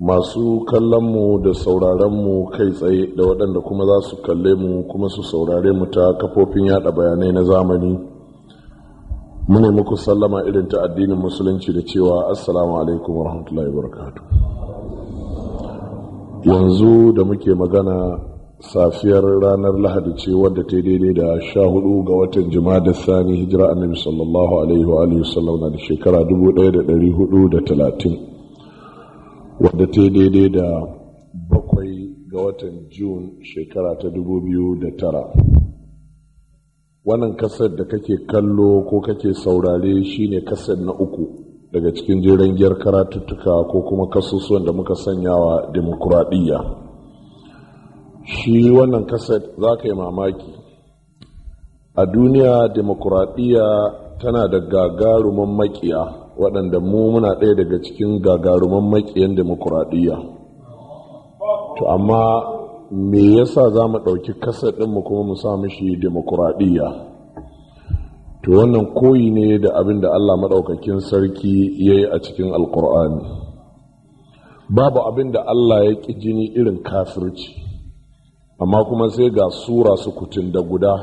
masu kallon mu da mu kai tsaye da waɗanda kuma za su kalle mu kuma su saurare mu ta kafofin yada bayanai na zamani mune muku sallama irin ta addinin musulunci da cewa assalamu alaikum warahmatullahi wabarakatuh yanzu da muke magana safiyar ranar lahadi ce wadda ta daidai da sha hudu ga watan da sani hijira annabi sallallahu alaihi wa sallam na da shekara 1430 wadda ta daidai da bakwai ga watan Jun shekara ta dubu biyu da tara. Wannan kasar da kake kallo ko kake saurare shine kasar na uku daga cikin jiran giyar karatuttuka ko kuma kasusuwan da muka sanya wa demokuraɗiyya. Shi wannan kasar za ka yi mamaki. A duniya demokuraɗiyya tana da gagarumin makiya waɗanda mu muna ɗaya daga cikin gagaruman maƙiyan demokuraɗiyya to amma me yasa za mu ɗauki kasar ɗinmu kuma mu sa mishi demokuraɗiyya to wannan koyi ne da abin da allah maɗaukakin sarki ya yi a cikin alkur'ani babu abin da allah ya ƙi jini irin kafirci amma kuma sai ga sura sukutun da guda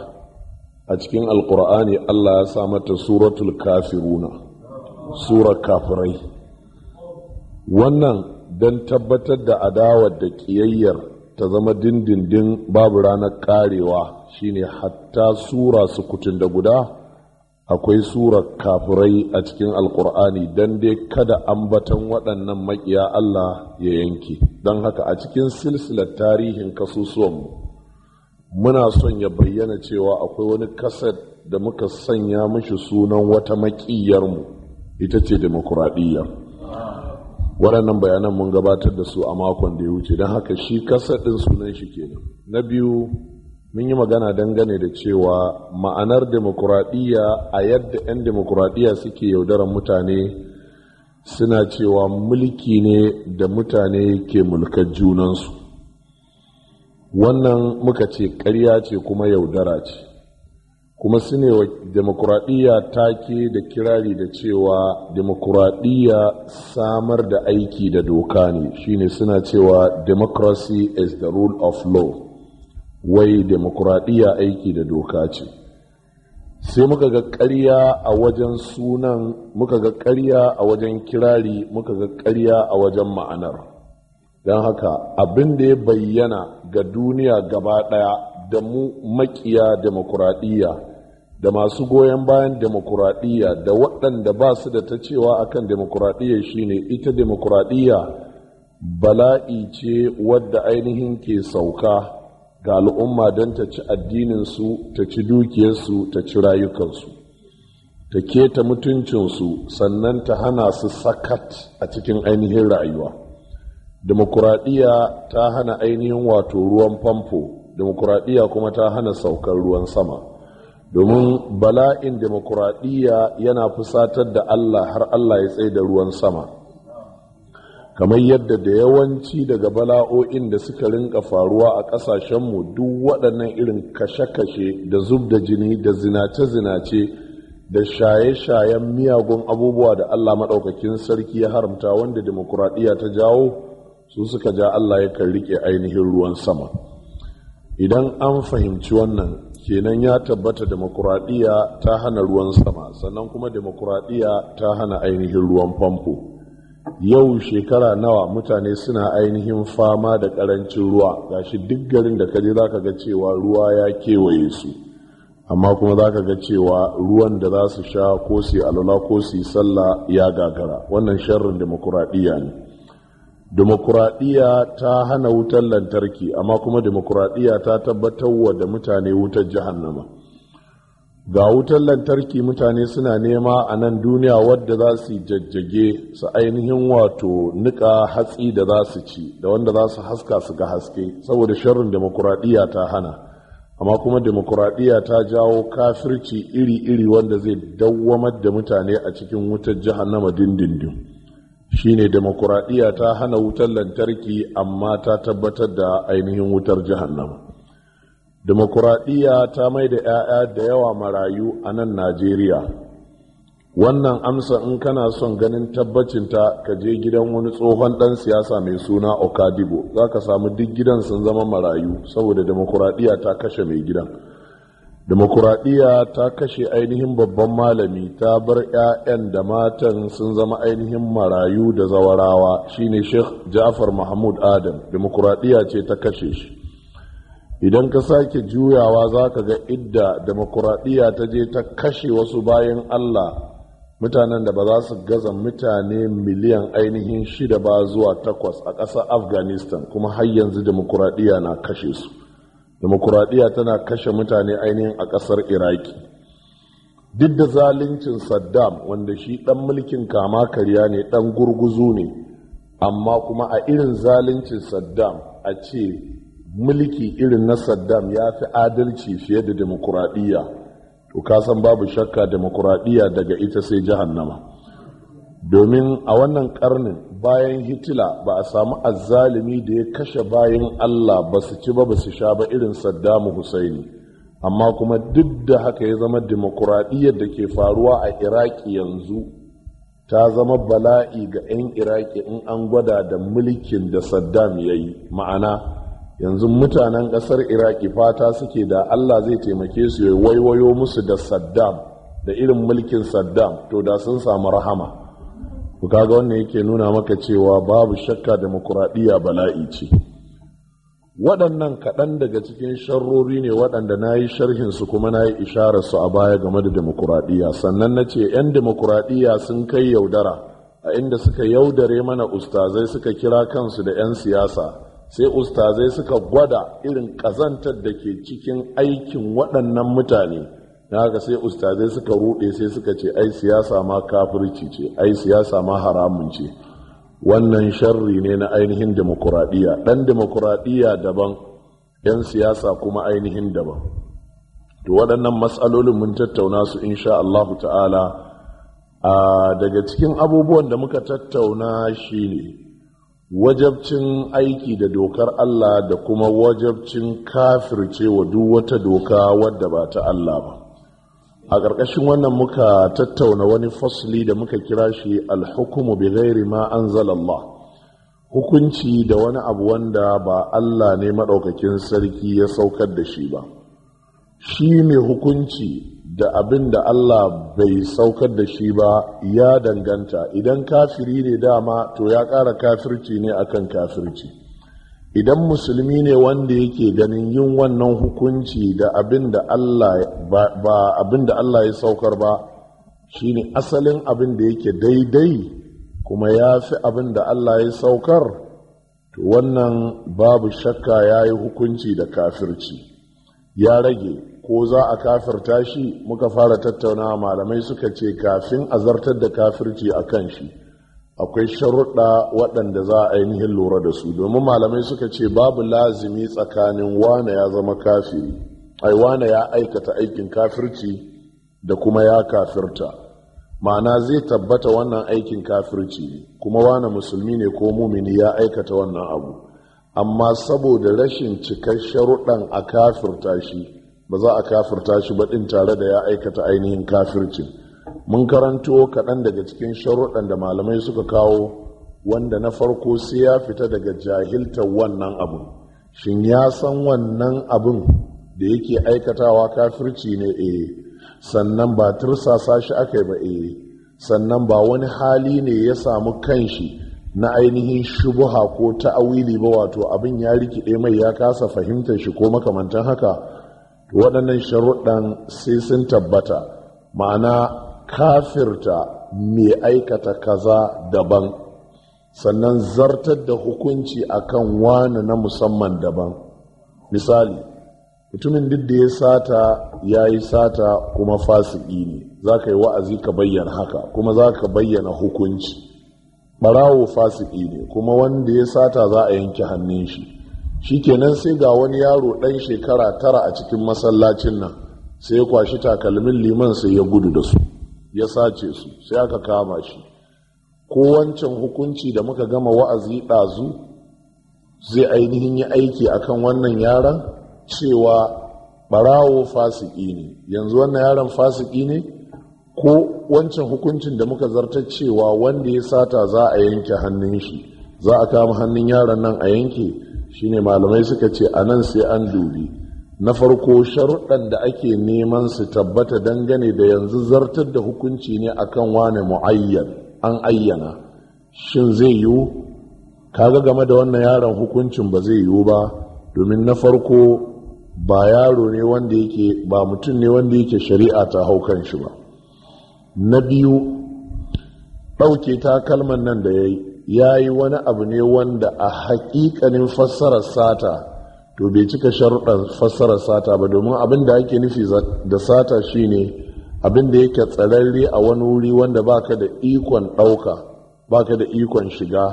a cikin alkur'ani allah ya sa mata suratul kafiruna surar kafirai wannan don tabbatar da adawar da ƙiyayyar ta zama dindindin babu ranar ƙarewa shine hatta sura sukutun da guda akwai surar kafirai a cikin alkur'ani don dai kada ambatan waɗannan maƙiya Allah ya yanke don haka a cikin silsilar tarihin kasusuwanmu muna son ya bayyana cewa akwai wani kasar da muka sanya mashi sunan wata maƙiyarmu ita ce demokuraɗiyya waɗannan bayanan mun gabatar da su a makon da ya wuce don haka shi ɗin sunan shi kenan na biyu mun yi magana dangane da cewa ma'anar demokuraɗiyya a yadda 'yan demokuraɗiyya suke yaudarar mutane suna cewa mulki ne da mutane ke mulkar junansu wannan muka ce ƙarya ce kuma yaudara ce kuma su ne wa demokuraɗiyya take da kirari da cewa demokuraɗiyya samar da aiki da doka ne shine suna cewa democracy is the rule of law wai demokuraɗiyya aiki da doka ce sai muka ga ƙarya a wajen sunan muka ga ƙarya a wajen kirari muka ga ƙarya a wajen ma'anar don haka abin da ya bayyana ga duniya gaba ɗaya da mu makiya demokuraɗiyya da masu goyon bayan demokuraɗiyya da waɗanda ba su da ta cewa akan demokuraɗiyya shine ita demokuraɗiyya bala'i ce wadda ainihin ke sauka ga al'umma don ta ci addininsu ta ci dukiyarsu ta ci rayukansu ta keta mutuncinsu sannan ta hana su sakat a cikin ainihin rayuwa demokuraɗiyya ta hana ainihin wato ruwan famfo demokuraɗiyya kuma ta hana saukar ruwan sama domin bala'in demokuraɗiyya yana fusatar da allah har allah ya tsaye da ruwan sama kamar yadda da yawanci daga bala'o'in da suka rinka faruwa a ƙasashenmu duk waɗannan irin kashe-kashe da zub da jini da zinace-zinace da shaye-shayen miyagun abubuwa da allah maɗaukakin sarki ya haramta wanda demokuraɗiyya ta jawo su suka ja allah ya kan riƙe ainihin ruwan sama idan an fahimci wannan kenan ya tabbata demokuraɗiyya ta hana ruwan sama sannan kuma demokuraɗiyya ta hana ainihin ruwan famfo yau shekara nawa mutane suna ainihin fama da ƙarancin ruwa gashi duk garin da kaje za ka ga cewa ruwa ya kewaye su amma kuma za ka ga cewa ruwan da za su sha ko su alala ko su sallah ya gagara wannan sharrin demokuraɗiyya ne demokuraɗiyya ta hana wutar lantarki amma kuma demokuraɗiyya ta tabbatar wa da mutane wutar nama. ga wutar lantarki mutane suna nema a nan duniya wadda za su jajjage su ainihin wato nika hatsi da za su ci da wanda za su haska su ga haske saboda sharrin demokuraɗiyya ta hana amma kuma demokuraɗiyya ta jawo kafirci iri-iri wanda zai dawwamar da mutane a cikin wutar nama dindindin shine demokuraɗiyya ta hana wutar lantarki amma ta tabbatar da ainihin wutar jahannama demokuraɗiyya ta mai da 'ya'ya da yawa marayu a nan najeriya wannan amsa in kana son ganin tabbacinta ka je gidan wani tsohon ɗan siyasa mai suna okadibo za ka samu duk gidan sun zama marayu saboda demokuraɗiyya ta kashe mai gidan demokuraɗiyya ta kashe ainihin babban malami ta bar 'ya'yan da matan sun zama ainihin marayu da zawarawa shine sheikh jafar mahmud adam demokuraɗiyya ce ta kashe shi idan ka sake juyawa za ka ga idda demokuraɗiyya ta je ta kashe wasu bayan allah mutanen da ba za su gaza mutane miliyan ainihin shida ba zuwa takwas a ƙasar afghanistan kuma har yanzu demokuraɗiyya na kashe su demokuraɗiyya tana kashe mutane ainihin a ƙasar iraki duk da zaluncin saddam wanda shi ɗan mulkin kama karya ne ɗan gurguzu ne amma kuma a irin zaluncin saddam a ce mulki irin na saddam ya fi adalci fiye da demokuraɗiyya to kasan babu shakka demokuraɗiyya daga ita sai jahannama domin a wannan karnin bayan hitila ba a samu azzalimi da ya kashe bayan allah ba su ci ba ba su sha ba irin Saddam husaini amma kuma duk da haka ya zama demokuraɗiyyar da ke faruwa a iraki yanzu ta zama bala'i ga 'yan iraki in an gwada da mulkin da saddam ya yi ma'ana yanzu mutanen ƙasar iraki fata suke da allah zai taimake su ya waiwayo musu da saddam da irin mulkin saddam to da sun samu rahama ku kaga wannan yake nuna maka cewa babu shakka demokuraɗiyya bala'i ce waɗannan kaɗan daga cikin sharrori ne waɗanda na yi sharhinsu kuma na yi su a baya game da demokuraɗiyya sannan na ce 'yan demokuraɗiyya sun kai yaudara a inda suka yaudare mana ustazai suka kira kansu da 'yan siyasa sai ustazai suka gwada irin ƙazantar da ke cikin aikin waɗannan mutane na haka sai ustazai suka rude sai suka ce ai siyasa ma kafirci ce ai siyasa ma haramun ce wannan sharri ne na ainihin demokuraɗiyya ɗan demokuraɗiyya daban 'yan siyasa kuma ainihin daban to waɗannan matsalolin mun tattauna su insha Allah ta'ala a daga cikin abubuwan da muka tattauna shi ne, wajabcin aiki da dokar Allah da kuma wajabcin kafircewa duk wata doka wadda ba ta Allah ba a ƙarƙashin wannan muka tattauna wani fasli da muka kira shi alhukumu bi ghairi ma anzalallah hukunci da wani abu wanda ba Allah ne maɗaukakin sarki ya saukar da shi ba shi ne hukunci da abin da Allah bai saukar da shi ba ya danganta idan kafiri ne dama to ya ƙara kafirci ne akan kafirci idan musulmi ne wanda yake ganin yin wannan hukunci da abin da Allah ba abin da Allah ya saukar ba shi ne asalin abin da yake daidai kuma ya fi abin da Allah ya saukar to wannan babu shakka ya yi hukunci da kafirci ya rage ko za a kafirta shi muka fara tattauna malamai suka ce kafin a zartar da kafirci a kan shi akwai sharuɗa waɗanda za a ainihin lura da su domin malamai suka ce babu lazimi tsakanin wane ya zama kafiri ai wane ya aikata aikin kafirci da kuma ya kafirta ma'ana zai tabbata wannan aikin kafirci ne kuma wane musulmi ne ko mumini ya aikata wannan abu amma saboda rashin cikar sharuɗan a kafirta shi ba za a kafirta shi ba ɗin tare da ya aikata ainihin kafircin mun karanto kaɗan daga cikin sharuɗan da malamai suka kawo wanda na farko sai ya fita daga jahiltar wannan abun shin ya san wannan abin da yake aikatawa kafirci ne eh sannan ba tursasa shi aka yi ba eh sannan ba wani hali ne ya samu kanshi na ainihin shubuha ko ta'awili ba wato abin ya rikide mai ya kasa fahimtar shi ko makamantan haka waɗannan sharuɗan sai sun tabbata ma'ana kafirta mai aikata kaza daban sannan zartar da hukunci akan wani na musamman daban misali mutumin duk da ya sata ya yi sata kuma fasiki ne za ka yi wa'azi ka bayyana haka kuma za ka bayyana hukunci ɓarawo fasiki ne kuma wanda ya sata za a yanke hannun shi Shi kenan sai ga wani yaro ɗan shekara tara a cikin masallacin nan sai ya kwashi takalmin liman sai ya gudu da su ya sace su sai aka kama shi ko wancan hukunci da muka gama wa'azi ɗazu zai ainihin yi aiki akan wannan yaran cewa ɓarawo fasiki ne yanzu wannan yaron fasiki ne ko wancan hukuncin da muka zartar cewa wanda ya sata za a yanke hannun shi za a kama hannun yaron nan a yanke shine malamai suka ce a nan sai an dubi na farko sharuɗan da ake neman su tabbata dangane da yanzu zartar da hukunci ne akan wane mu'ayyan an ayyana shin zai yiwu kaga game da wannan yaron hukuncin ba zai yiwu ba domin na farko ba yaro ne wanda yake ba mutum ne wanda yake shari'a ta hau kan shi ba na biyu ɗauke takalman nan da ya yi wani abu ne wanda a hakikanin fassarar sata to bai cika sharuɗan fassarar sata ba domin abin da ake nufi da sata shine abin da yake tsararre a wani wuri wanda baka da ikon ɗauka baka da ikon shiga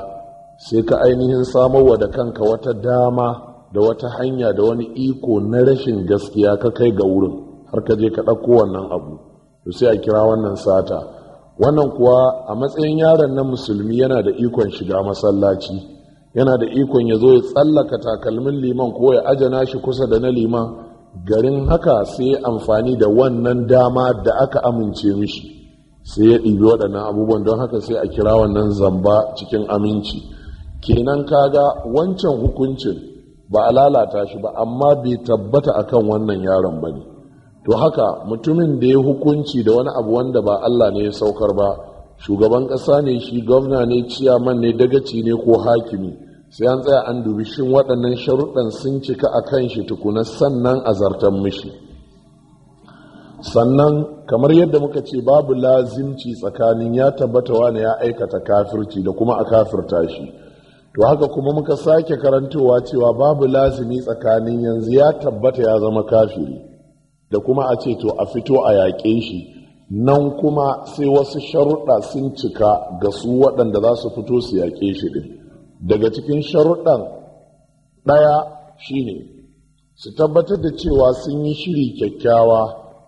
sai ka ainihin samarwa da kanka wata dama da wata hanya da wani iko na rashin gaskiya ka kai ga wurin har ka je ka ɗauko wannan abu to sai a kira wannan sata wannan kuwa a matsayin yaron na musulmi yana da ikon shiga masallaci yana da ikon ya zo ya tsallaka takalmin liman ko ya ajana shi kusa da na liman garin haka sai ya amfani da wannan dama da aka amince mishi sai ya ɗibi waɗannan abubuwan don haka sai a kira wannan zamba cikin aminci kenan kaga wancan hukuncin ba a lalata shi ba amma bai tabbata akan wannan yaron ba ne to haka mutumin da ya hukunci da wani abu wanda ba Allah ne ya saukar ba shugaban ƙasa ne shi gwamna ne ciyaman ne dagaci ne ko hakimi sai an tsaya an dubi shin waɗannan sharuɗan sun cika a kan shi tukuna sannan a zartan mishi sannan kamar yadda muka ce babu lazimci tsakanin ya tabbata wani ya aikata kafirci da kuma a kafirta shi to haka kuma muka sake karantowa cewa babu lazimi tsakanin yanzu ya tabbata ya zama kafiri da kuma a ce to a fito a yaƙe shi nan kuma sai wasu sharuɗa sun cika ga su waɗanda za su fito su yaƙe shi ɗin daga cikin sharuɗan ɗaya shi ne, su tabbatar da cewa sun yi shiri kyakkyawa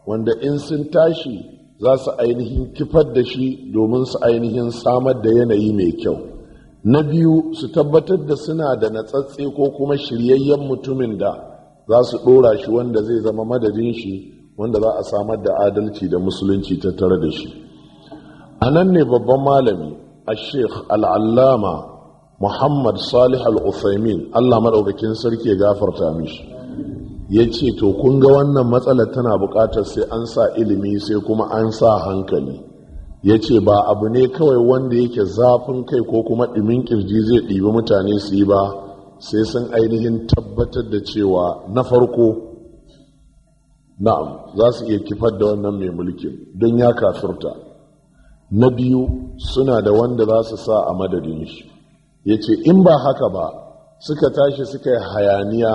wanda in sun tashi za su ainihin kifar da shi domin su ainihin samar da yanayi mai kyau na biyu su tabbatar da suna da natsatse ko kuma shiryayyen mutumin da za su ɗora shi wanda zai zama madadin shi wanda za a samar da adalci da musulunci tattare da shi a nan ne babban malami a sheikh al'allama muhammad salih al-uthaymin allah maɗaukakin sarki ya gafarta mishi ya ce to kun ga wannan matsalar tana buƙatar sai an sa ilimi sai kuma an sa hankali ya ce ba abu ne kawai wanda yake zafin kai ko kuma ɗimin ƙirji zai ɗibi mutane su yi ba sai sun ainihin tabbatar da cewa na farko na'am za su iya kifar da wannan mai mulkin don ya kafirta na biyu suna da wanda za su sa a madadin shi ya ce in ba haka ba suka tashi suka yi hayaniya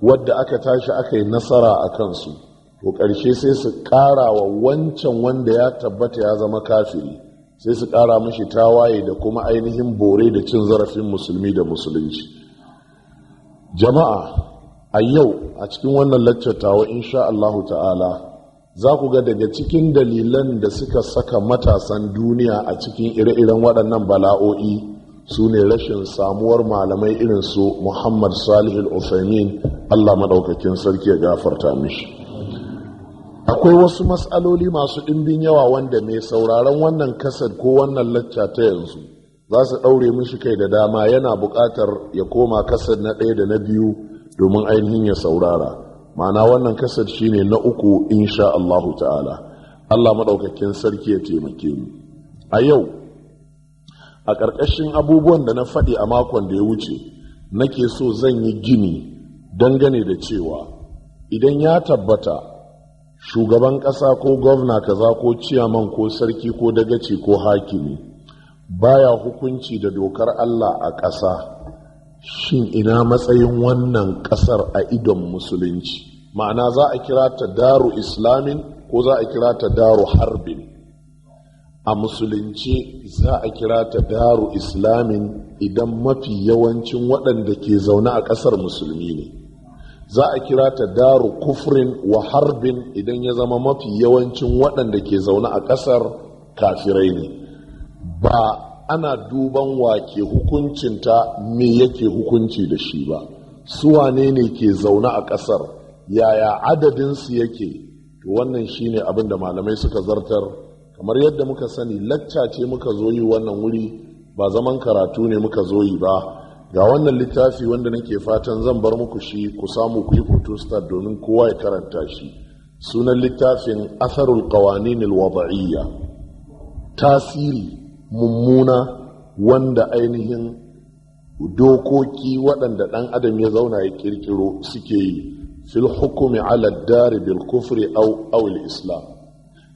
wadda aka tashi aka yi nasara a kansu to ƙarshe sai su ƙara wa wancan wanda ya tabbata ya zama kafiri sai su ƙara mashi tawaye da kuma ainihin bore da cin zarafin musulmi da musulunci jama'a a yau a cikin wannan in insha Allahu ta'ala za ku ga daga cikin dalilan da suka saka matasan duniya a cikin ire-iren waɗannan bala'o'i su ne rashin samuwar malamai irin su muhammad salihul usaimin allah maɗaukakin sarki ya gafarta mishi akwai wasu matsaloli masu ɗimbin yawa wanda mai sauraron wannan kasar ko wannan lacca ta yanzu za su ɗaure mishi kai da dama yana buƙatar ya koma kasar na ɗaya da na biyu domin ainihin ya saurara ma'ana wannan kasar shine na uku insha allahu ta'ala allah maɗaukakin sarki ya taimake mu a yau a ƙarƙashin abubuwan da na faɗi a makon da ya wuce nake so zan yi gini dangane da cewa idan ya tabbata shugaban ƙasa ko gwamna kaza ko ciyaman ko sarki ko dagaci ko hakimi baya hukunci da dokar Allah a ƙasa shin ina matsayin wannan ƙasar a idon musulunci ma'ana za a kira ta daru islamin ko za a kira ta daru harbin a musulunci za a kira ta daru islamin idan mafi yawancin waɗanda ke zaune a ƙasar musulmi ne za a kira ta daru kufrin wa harbin idan ya zama mafi yawancin waɗanda ke zaune a ƙasar kafirai ne ba ana duban wa ke hukuncinta me yake hukunci da shi ba su wane ne ke zaune a ƙasar yaya adadinsu yake wannan shine abin da malamai suka zartar kamar yadda muka sani lacca ce muka zo yi wannan wuri ba zaman karatu ne muka zo yi ba ga wannan littafi wanda nake fatan zan bar muku shi ku samu ku yi domin kowa ya karanta shi sunan littafin asarul qawanin alwada'iyya tasiri mummuna wanda ainihin dokoki waɗanda ɗan adam ya zauna ya ƙirƙiro suke yi fil hukumi ala dari bil kufri aw islam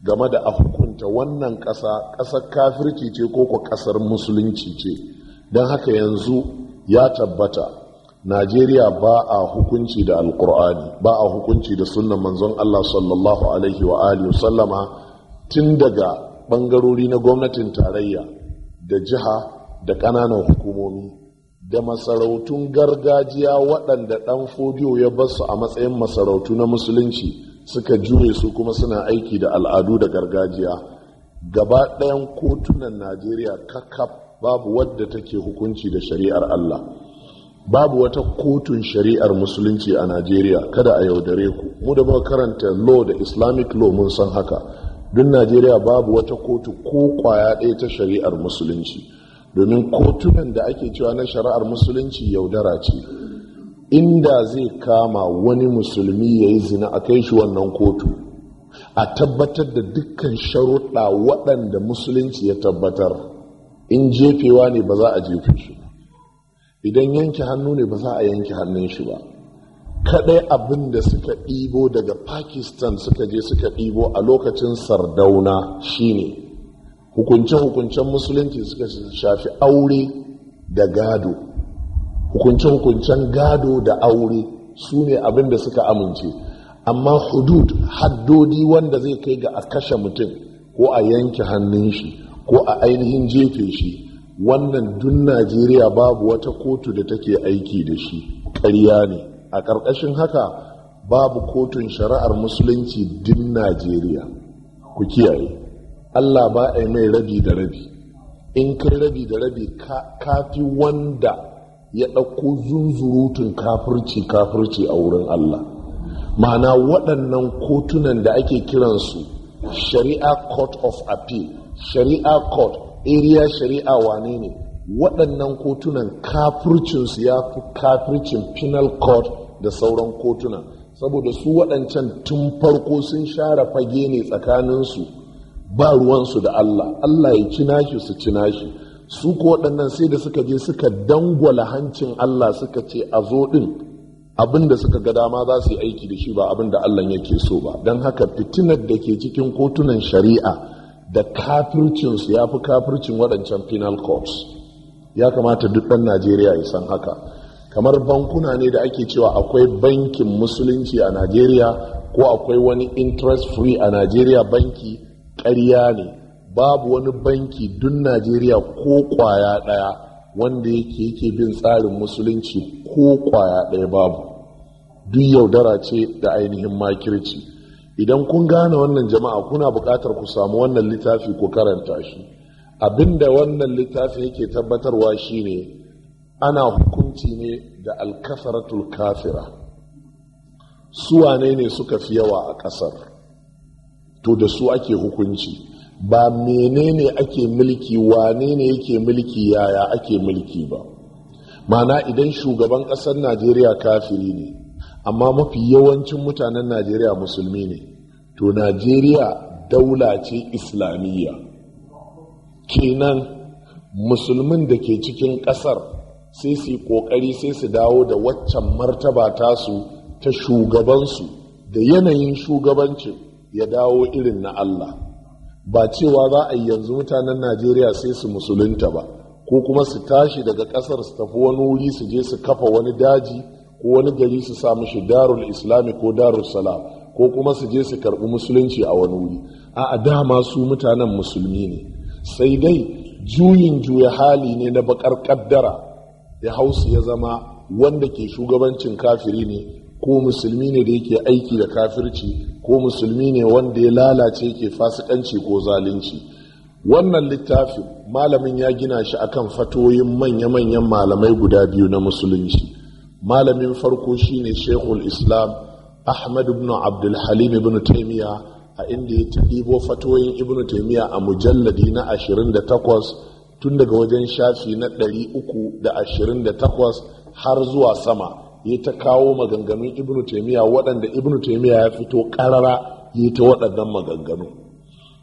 game da a hukunta wannan ƙasa ƙasar kafirci ce ko ko ƙasar musulunci ce don haka yanzu ya tabbata najeriya ba a hukunci da alkur'ani ba a hukunci da sunan manzon allah sallallahu alaihi wa alihi sallama tun daga ɓangarori na gwamnatin tarayya da jiha da ƙananan hukumomi da masarautun gargajiya waɗanda ɗan fodiyo ya basu a matsayin masarautu na musulunci suka jure su kuma suna aiki da al'adu da gargajiya gaba ɗayan kotunan najeriya kakaf babu wadda take hukunci da shari'ar allah babu wata kotun shari'ar musulunci a najeriya kada a yaudare ku mu da muka karanta law da islamic law mun san haka duk najeriya babu wata kotu ko kwaya ɗaya ta shari'ar musulunci domin kotunan da ake cewa na shari'ar musulunci yaudara ce inda zai kama wani musulmi ya yi zina a kai shi wannan kotu a tabbatar da dukkan sharuɗa waɗanda musulunci ya tabbatar in jefewa ne ba za a jefe shi idan yanke hannu ne ba za a yanke hannun shi ba kaɗai abin da suka ɗibo daga pakistan suka je suka ɗibo a lokacin sardauna shine hukunce-hukuncen musulunci suka shafi aure da gado hukunce-hukuncen gado da aure su ne abin da suka amince amma hudud haddodi wanda zai kai ga a kashe mutum ko a yanke hannun shi ko a ainihin jefe shi wannan dun najeriya babu wata kotu da take aiki da shi ƙarya ne a ƙarƙashin haka babu kotun shari'ar musulunci din najeriya ku kiyaye allah ba a mai rabi da rabi in kai rabi da rabi ka fi wanda ya ɗauko zunzurutun kafirci kafirci a wurin Allah ma'ana waɗannan kotunan da ake kiransu shari'a court of appeal shari'a court area shari'a wane ne waɗannan kotunan kafircinsu ya fi kafircin penal court da sauran kotuna saboda su waɗancan tun farko sun share fage ne tsakaninsu ba ruwansu da Allah Allah ya ci su ci nashi su ko waɗannan sai da suka je suka dangwala hancin Allah suka ce a zo ɗin abin da suka ga dama za su yi aiki da shi ba abin da Allah yake so ba don haka fitinar da ke cikin kotunan shari'a da kafircinsu ya fi kafircin waɗancan penal courts ya kamata duk ɗan Najeriya ya san haka kamar bankuna ne da ake cewa akwai bankin musulunci a Najeriya ko akwai wani interest free a Najeriya banki ƙarya ne babu wani banki dun najeriya ko kwaya ɗaya wanda yake yake bin tsarin musulunci ko kwaya ɗaya babu duk yaudara ce da ainihin makirci idan kun gane wannan jama'a kuna bukatar ku samu wannan littafi ko karanta shi abinda wannan littafi yake tabbatarwa shine ana hukunci ne da alkasaratul kafira su wanene ne suka fi yawa a ƙasar to da su ake hukunci ba menene ake mulki wane ne yake mulki yaya ake mulki ba mana idan shugaban ƙasar najeriya kafiri ne amma mafi yawancin mutanen najeriya musulmi ne to najeriya daula ce islamiyya kenan musulmin da ke cikin ƙasar sai su yi ƙoƙari sai su dawo da waccan martaba tasu ta shugabansu da yanayin shugabancin ya dawo irin na allah ba cewa za a yi yanzu mutanen najeriya sai su musulunta ba ko kuma su tashi daga ƙasar su tafi wani wuri su je su kafa wani daji ko wani gari su sa mishi darul islami ko darul salam ko kuma su je su karɓi musulunci a wani wuri a dama su mutanen musulmi ne sai dai juyin juya hali ne na bakar kaddara ya hausu ya zama wanda ke shugabancin kafiri ne ko musulmi ne da yake aiki da kafirci ko musulmi ne wanda ya lalace ke fasikanci ko zalunci wannan littafin malamin ya gina shi akan fatoyin manya-manyan malamai guda biyu na musulunci malamin farko shine shekul islam ahmad ibn abdulhalim ibn taimiya a inda ya ɗibo fatoyin ibn taimiya a mujalladi na 28 tun daga wajen shafi na 328 har zuwa sama ya ta kawo maganganun ibnu taimiyya waɗanda ibnu taimiyya ya fito ƙarara ya ta waɗannan maganganu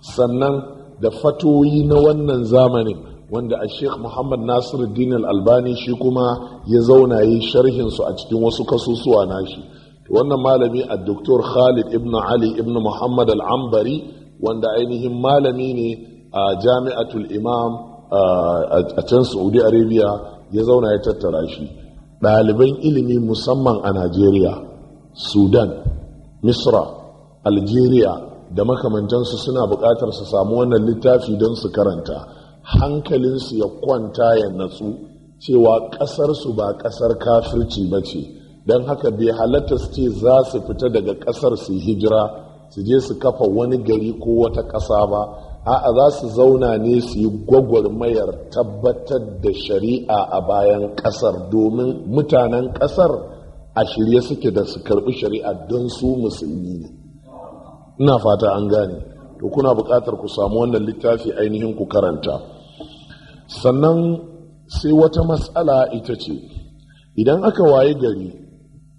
sannan da fatoyi na wannan zamanin wanda a sheikh muhammad nasiru dinar albani shi kuma ya zauna yi sharhinsu a cikin wasu kasusuwa nashi wannan malami a doktor khalid ibn ali ibn muhammad al'ambari wanda ainihin malami ne a jami'atul imam a can saudi arabia ya zauna ya tattara shi ɗaliban ilimi musamman a najeriya sudan misra algeria da makamantansu suna buƙatar su samu wannan littafi don su karanta hankalinsu ya kwanta ya natsu cewa ƙasarsu ba ƙasar kafirci ba ce don haka bai halatta su ce za su fita daga ƙasar su hijira su je su kafa wani gari ko wata ƙasa ba a'a za su zauna ne su yi gwagwarmayar tabbatar da shari'a a bayan ƙasar domin mutanen ƙasar a shirye suke da su karɓi shari'a don su musulmi ne ina fata an gane to kuna buƙatar ku samu wannan littafi ainihin ku karanta sannan sai wata matsala ita ce idan aka waye gari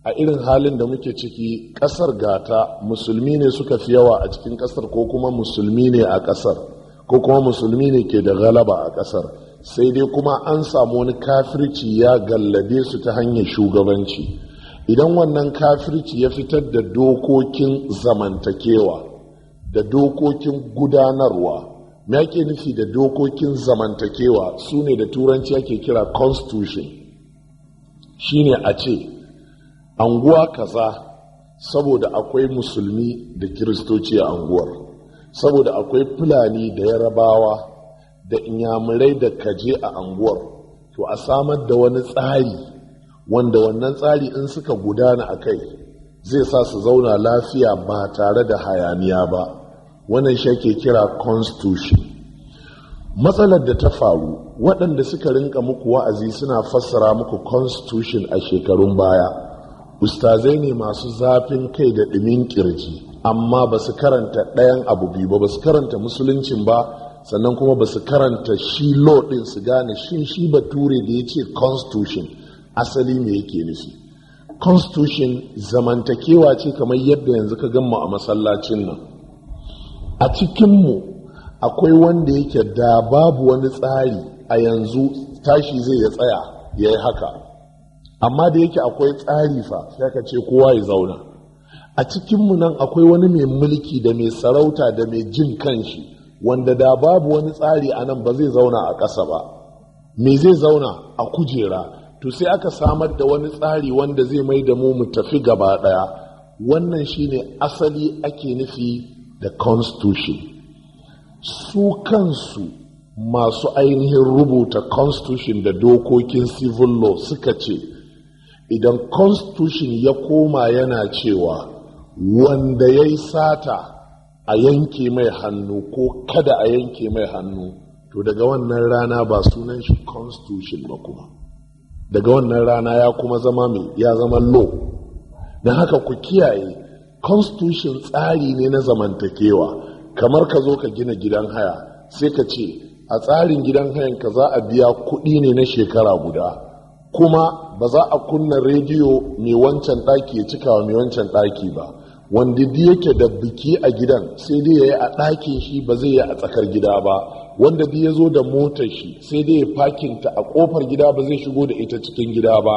a irin halin da muke ciki ƙasar gata musulmi ne suka fi yawa a cikin ƙasar ko kuma musulmi ne a ƙasar ko kuma musulmi ne ke da galaba a ƙasar sai dai kuma an samu wani kafirci ya gallabe su ta hanyar shugabanci idan wannan kafirci ya fitar da dokokin zamantakewa da dokokin gudanarwa me ake nufi da dokokin zamantakewa su ne da turanci ake kira constitution shine a ce anguwa kaza saboda akwai musulmi da kiristoci a anguwar saboda akwai fulani da yarabawa da inyamurai da kaje a anguwar to a samar da wani tsari wanda wannan tsari in suka gudana a kai zai sa su zauna lafiya ba tare da hayaniya ba wannan shi ake kira constitution matsalar da ta faru waɗanda suka rinka muku wa'azi suna fassara muku constitution a shekarun baya ustazai ne masu zafin kai da ɗumin ƙirji, amma ba su karanta ɗayan abu biyu ba ba su karanta musuluncin ba sannan kuma ba su karanta shi lo ɗin su gane shi shi bature da ya ce constitution asali ne yake nufi constitution zamantakewa ce kamar yadda yanzu ka gama a masallacin nan a cikinmu akwai wanda yake da babu wani tsari a yanzu tashi zai ya tsaya ya yi haka amma da yake akwai tsari fa sai ka ce kowa ya zauna a cikinmu nan akwai wani mai mulki da mai sarauta da mai jin kanshi wanda da babu wani tsari a nan ba zai zauna a ƙasa ba me zai zauna a kujera to sai aka samar da wani tsari wanda zai mai da mu mu tafi gaba ɗaya wannan shine asali ake nufi da constitution su kansu masu ainihin rubuta constitution da dokokin civil law suka ce idan constitution ya koma yana cewa wanda ya yi sata a yanke mai hannu ko kada a yanke mai hannu to daga wannan rana ba sunan shi constitution ba kuma daga wannan rana ya kuma zama mai ya zama law don haka ku kiyaye constitution tsari ne na zamantakewa kamar ka zo ka gina gidan haya sai ka ce a tsarin gidan hayan ka za a biya kuɗi ne na shekara guda kuma ba za a kunna rediyo mai wancan ɗaki ya cika wa mai wancan ɗaki ba wanda duk yake da biki a gidan sai dai ya yi a ɗakin shi ba zai yi a tsakar gida ba wanda duk ya zo da motar shi sai dai ya fakinta a ƙofar gida ba zai shigo da ita cikin gida ba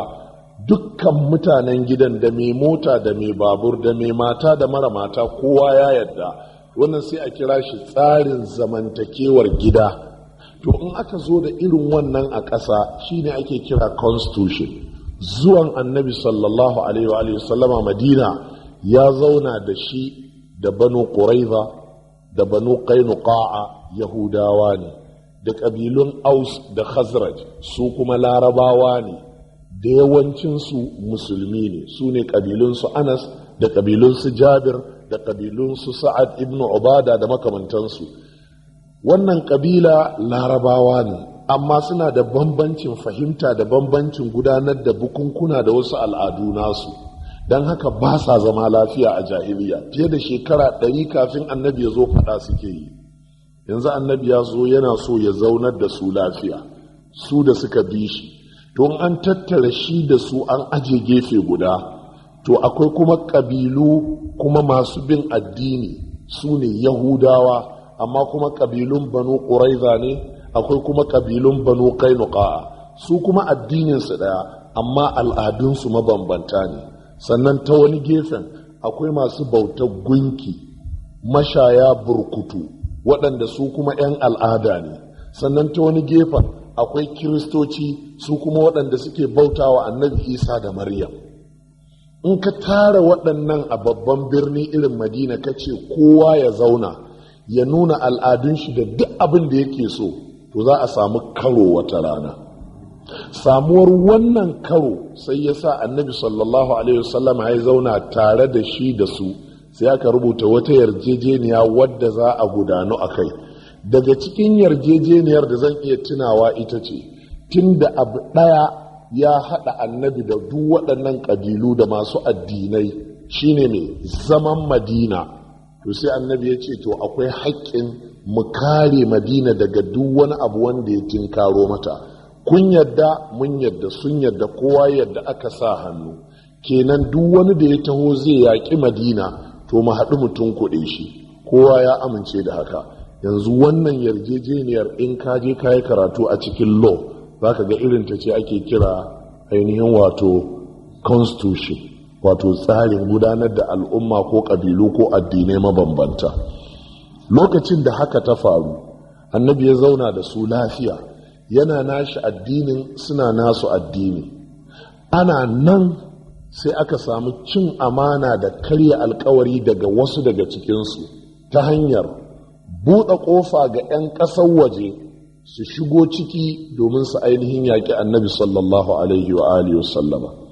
dukkan mutanen gidan da mai mota da mai babur da mai mata da mara mata kowa ya yarda. wannan sai a kira shi tsarin zamantakewar gida to in aka zo da irin wannan a ƙasa shine ake kira constitution zuwan annabi sallallahu alaihi wa sallama madina ya zauna da shi da banu ƙuraiza da banu ƙainuƙa'a yahudawa ne da ƙabilun aus da khazraj su kuma larabawa ne da yawancinsu musulmi ne su ne ƙabilunsu anas da ƙabilunsu jabir da ƙabilunsu sa'ad ibnu ubada da makamantansu wannan kabila larabawa ne amma suna da bambancin fahimta da bambancin gudanar da bukunkuna da wasu al'adu nasu don haka ba sa zama lafiya a jahiliya fiye da shekara ɗari kafin annabi ya zo faɗa suke yi yanzu annabi ya zo yana so ya zaunar da su lafiya su da suka bi shi to an tattara shi da su an aje gefe guda to akwai kuma ƙabilu kuma masu bin addini su ne yahudawa amma kuma ƙabilun banu ƙuraiza ne akwai kuma ƙabilun banu kainuka su kuma addininsu ɗaya amma al'adunsu mabambanta ne sannan ta wani gefen akwai masu bautar gunki mashaya burkutu waɗanda su kuma 'yan al'ada ne sannan ta wani gefen akwai kiristoci su kuma waɗanda suke bautawa annabi isa da maryam in ka tara waɗannan a babban birni irin madina ka ce kowa ya zauna ya nuna al'adun shi da duk abin da yake so to za a samu karo wata rana samuwar wannan karo sai ya sa annabi sallallahu alaihi wasallam ya zauna tare da shi da su sai aka rubuta wata yarjejeniya wadda za a gudanu a kai daga cikin yarjejeniyar da zan iya tunawa ita ce tun da abu ɗaya ya haɗa annabi da duk waɗannan ƙabilu da masu addinai shine mai zaman madina to sai annabi ya ce to akwai haƙƙin mu kare madina daga duk wani abu wanda ya tinkaro mata kun yadda mun yadda sun yadda kowa yadda aka sa hannu kenan duk wani da ya taho zai yaƙi madina to mu haɗu mutum kuɗe shi kowa ya amince da haka yanzu wannan yarjejeniyar in ka je ka yi karatu a cikin law za ka ga irin ta ce ake kira ainihin wato constitution wato tsarin gudanar da al'umma ko ƙabilu ko addinai mabambanta lokacin da haka ta faru annabi ya zauna da su lafiya yana nashi addinin suna nasu addini ana nan sai aka samu cin amana da karya alkawari daga wasu daga cikinsu ta hanyar buɗe ƙofa ga 'yan ƙasar waje su shigo ciki domin su ainihin yaƙi annabi sallallahu alaihi wa alihi wasallama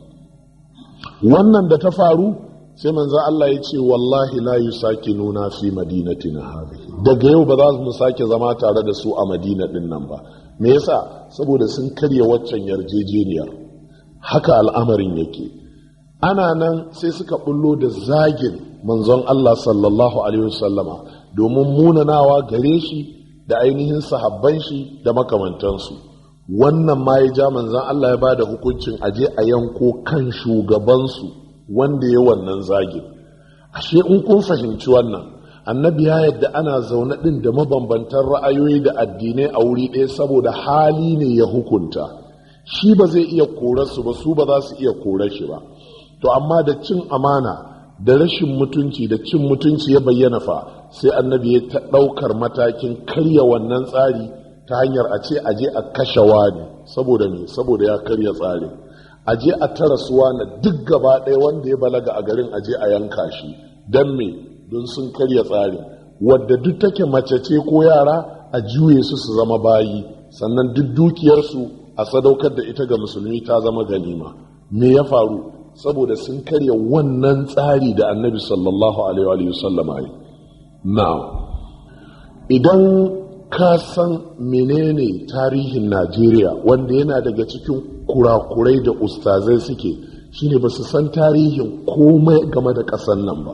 wannan da ta faru sai manzo Allah ya ce wallahi la nuna fi madinatina hadhihi daga yau ba za mu sake zama tare da su a madina din nan ba me yasa saboda sun karya waccan yarjejeniyar haka al'amarin yake ana nan sai suka bullo da zagin manzon Allah sallallahu alaihi wasallama domin munanawa gare shi da ainihin sahabban shi da makamantansu wannan ma ya ja manzan Allah ya ba da hukuncin aje a yanko kan shugabansu wanda ya wannan zagin ashe in kun fahimci wannan annabi ya yadda ana zaune din da mabambantan ra'ayoyi da addinai a wuri ɗaya saboda hali ne ya hukunta shi ba zai iya kore su ba su ba za su iya kore shi ba to amma da cin amana da rashin mutunci da cin mutunci ya bayyana fa sai annabi ya ta ɗaukar matakin karya wannan tsari ta hanyar a ce aje a kashe ne saboda me saboda ya karya tsari aje a tara suwa na duk gaba ɗaya wanda ya balaga a garin aje a yanka shi don me don sun karya tsari wadda duk take mace ce ko yara a juye su su zama bayi sannan duk dukiyarsu a sadaukar da ita ga musulmi ta zama ganima me ya faru saboda sun karya wannan tsari da annabi sallallahu alaihi wa na idan ka san menene tarihin najeriya wanda yana daga cikin kurakurai da ustazai suke shine ba su san tarihin komai game da ƙasar nan ba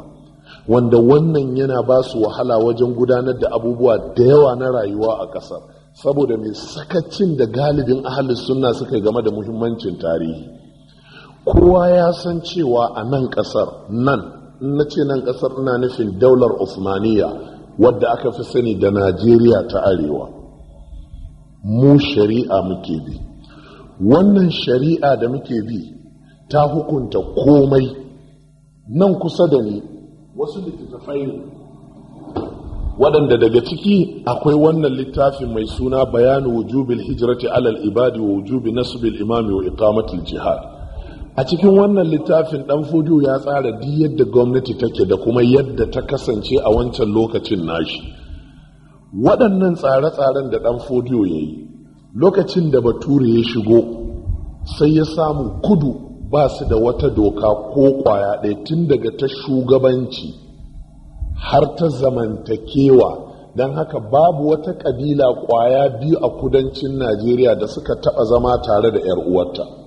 wanda wannan yana ba su wahala wajen gudanar da abubuwa da yawa na rayuwa a ƙasar saboda mai sakacin da galibin ahalus sunna suka yi game da muhimmancin tarihi kowa ya san cewa a nan ƙasar nan na ce nan ƙasar ina nufin daular usmaniya wadda aka fi sani da najeriya ta arewa mu shari'a muke bi wannan shari'a da muke bi ta hukunta komai nan kusa da ni wasu littattafai waɗanda daga ciki akwai wannan littafi mai suna bayanu wujubil hijrati alal ibadi wa wujubi nasbil imami wa iqamatil jihad a cikin wannan littafin dan fudu ya tsara duk yadda gwamnati take da kuma yadda ta kasance a wancan lokacin nashi waɗannan tsare-tsaren da dan fudu ya yi lokacin da bature ya shigo sai ya samu kudu ba su da wata doka ko kwaya ɗaya tun daga ta shugabanci har ta zamantakewa don haka babu wata ƙabila kwaya biyu a kudancin najeriya da suka taɓa zama tare da 'yar uwarta.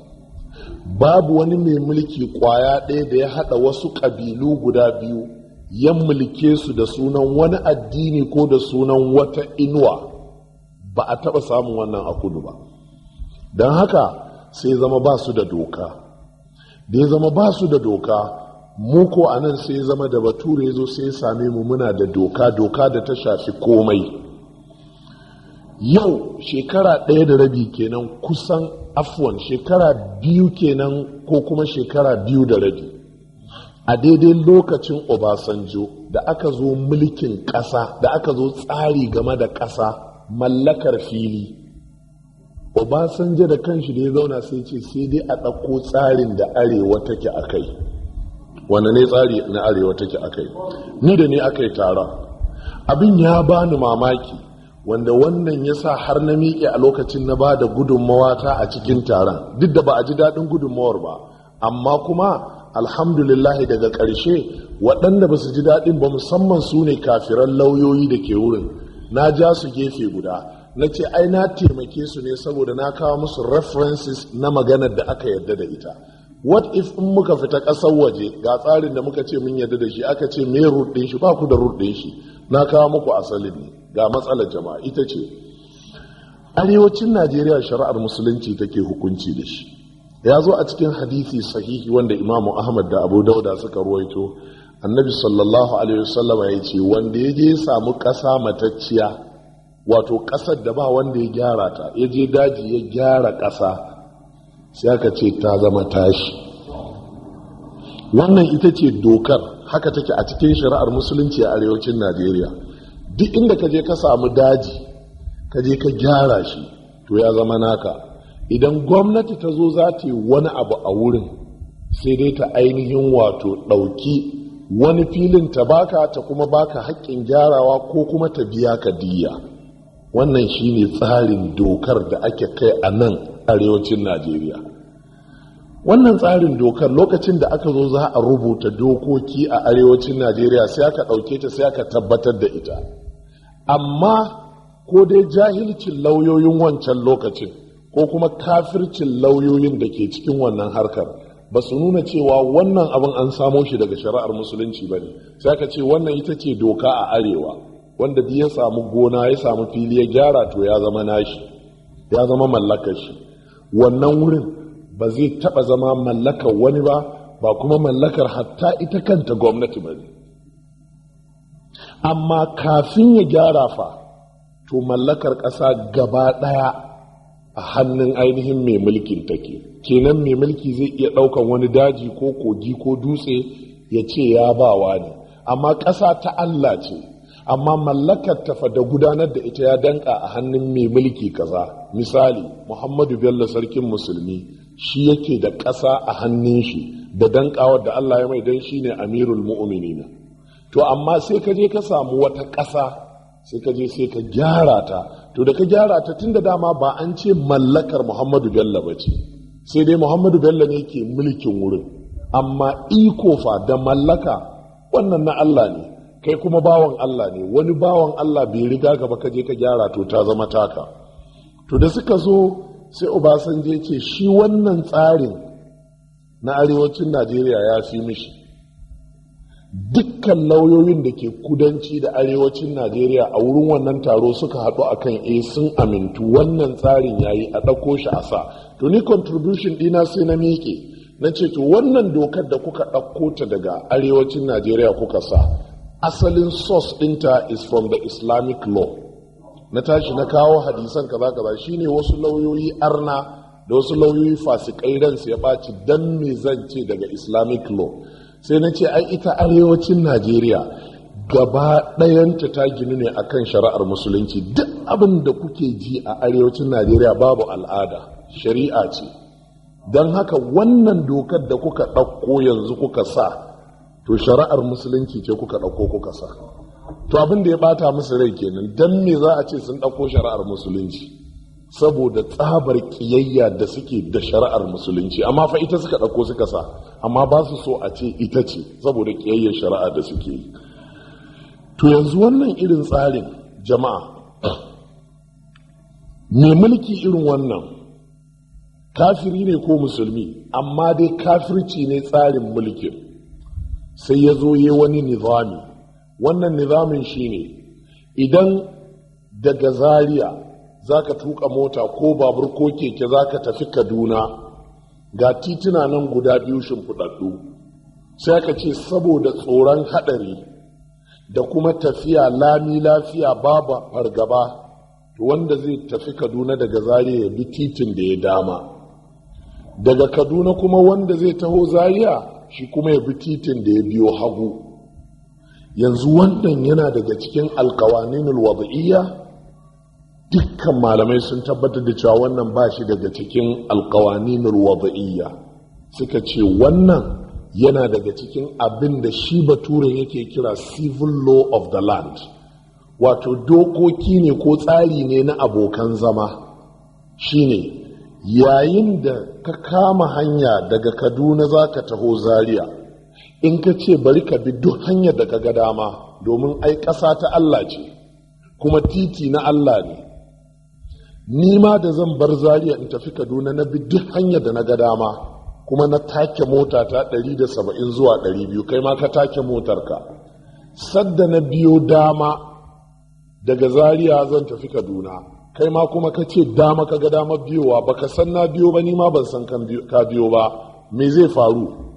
babu wani mai mulki kwaya ɗaya da ya haɗa wasu ƙabilu guda biyu ya mulke su da sunan wani addini ko da sunan wata inuwa ba a taɓa samun wannan a kudu ba don haka sai zama ba su da doka da ya zama ba su da doka mu ko a nan sai zama da bature zo sai same mu muna da doka doka da ta shafi komai yau shekara ɗaya da rabi kenan kusan afwan shekara biyu kenan ko kuma shekara biyu da rabi a daidai lokacin obasanjo da aka zo mulkin ƙasa da aka zo tsari game da ƙasa mallakar fili obasanjo da kanshi da ya zauna sai ce sai dai a ɗauko tsarin da arewa take a kai wanda ne tsari na arewa take a kai ni da ne aka yi taron abin ya bani mamaki wanda wannan ya sa har na miƙe a lokacin na ba da gudunmawata a cikin taron duk da ba a ji daɗin gudunmawar ba amma kuma alhamdulillahi daga ƙarshe waɗanda ba su ji daɗin ba musamman su ne kafiran lauyoyi da ke wurin na ja su gefe guda na ce ai na taimake su ne saboda na kawo musu references na maganar da aka yarda da ita what if in muka fita ƙasar waje ga tsarin da muka ce mun yarda da shi aka ce me rudin shi ba ku da rudin shi na kawo muku asalin ne ga matsalar jama'a ita ce arewacin najeriya shari'ar musulunci take hukunci da shi ya zo a cikin hadithi sahihi wanda imamu ahmad da abu dauda suka ruwaito annabi sallallahu alaihi wasallama ya ce wanda ya je samu ƙasa matacciya wato ƙasar da ba wanda ya gyara ta ya je daji ya gyara ƙasa sai aka ce ta zama tashi wannan ita ce dokar haka take a cikin shari'ar musulunci a arewacin najeriya duk inda ka je ka samu daji ka je ka gyara shi to ya zama naka idan gwamnati ta zo za ta yi wani abu a wurin sai dai ta ainihin wato ɗauki wani filin ta baka ta kuma baka haƙƙin gyarawa ko kuma ta biya ka diya wannan shine tsarin dokar da ake kai a nan arewacin najeriya wannan tsarin dokar lokacin da aka zo za a rubuta dokoki a arewacin najeriya sai aka ɗauke ta sai aka tabbatar da ita amma ko dai jahilcin lauyoyin wancan lokacin ko kuma kafircin lauyoyin da ke cikin wannan harkar ba su nuna cewa wannan abin an samo shi daga shari'ar musulunci ba ne sai aka ce wannan ita ce doka a arewa wanda ya samu gona ya samu fili ya gyara to ya zama nashi ya zama mallakar shi wannan wurin ba zai taɓa zama mallakar wani ba ba kuma mallakar hatta ita kanta gwamnati ba ne amma kafin ya gyara fa to mallakar ƙasa gaba ɗaya a hannun ainihin mai mulkin take kenan mai mulki zai iya ɗaukan wani daji ko kogi ko dutse ya ce ya bawa ne amma ƙasa ta Allah ce amma mallakar tafa da gudanar da ita ya danka a hannun mai mulki kaza misali muhammadu bello sarkin musulmi shi yake da ƙasa a hannun shi da danƙawar da Allah ya mai don shi ne amirul mu'minina to amma sai ka je ka samu wata ƙasa sai ka je sai ka gyara ta to da ka gyara ta tun da dama ba an ce mallakar muhammadu bello ba ce sai dai muhammadu bello ne ke mulkin wurin amma iko fa da mallaka wannan na Allah ne kai kuma bawan Allah ne wani bawan Allah bai riga gaba ka je ka gyara to ta zama taka to da suka zo sai obasanjo ce shi wannan tsarin na arewacin najeriya ya fi mishi dukkan lauyoyin da ke kudanci da arewacin najeriya a wurin wannan taro suka haɗu a kan e sun amintu wannan tsarin ya yi a ɗauko shi a sa to ni contribution ɗina sai na miƙe na ce to wannan dokar da kuka ɗauko ta daga arewacin najeriya kuka sa asalin source ɗinta is from the islamic law na tashi na kawo hadisan kaza kaza shine wasu lauyoyi arna da wasu lauyoyi fasikai ransu ya ɓaci dan me zan ce daga islamic law sai na ce ai ita arewacin najeriya gaba ɗayanta ta ginu ne akan shari'ar musulunci duk abin da kuke ji a arewacin najeriya babu al'ada shari'a ce don haka wannan dokar da kuka ɗauko yanzu kuka sa to shari'ar musulunci ce kuka ɗauko kuka sa to abin da ya bata musu rai kenan dan me za a ce sun ɗauko shari'ar musulunci saboda tsabar kiyayya da suke da shari'ar musulunci amma fa ita suka ɗauko suka sa amma ba su so a ce ita ce saboda kiyayyar shari'a da suke yi to yanzu wannan irin tsarin jama'a mai mulki irin wannan kafiri ne ko musulmi amma dai kafirci ne tsarin mulkin sai ya zo ya wani nizami wannan nizamin shi ne idan daga zaria za ka tuka mota ko babur ko keke za ka tafi kaduna ga tituna nan guda biyu shimfiɗaɗɗu sai ka ce saboda tsoron haɗari da kuma tafiya lami lafiya babu fargaba wanda zai tafi kaduna daga zaria ya bi titin da ya dama daga kaduna kuma wanda zai taho zariya shi kuma ya bi titin da ya biyo hagu yanzu wannan yana daga cikin alkawaninul wad'iyya dukkan malamai sun tabbatar da cewa wannan ba shi daga cikin alkawaninul wad'iyya suka ce wannan yana daga cikin abin da shi bature yake kira civil law of the land wato dokoki ne ko tsari ne na abokan zama shine yayin da ka kama hanya daga kaduna za ka taho zaria in ka ce bari ka bi duk hanyar da ka ga dama domin ai ƙasa ta Allah ce kuma titi na Allah ne ni ma da zan bar zariya in tafi kaduna na bi duk hanyar da na ga dama kuma na take mota ta 170 zuwa 200 kai ma ka take motarka sadda na biyo dama daga zariya zan tafi kaduna kai ma kuma ka ce dama ka ga dama biyowa ba ka san na biyo ba ni ma ban san ka biyo ba me zai faru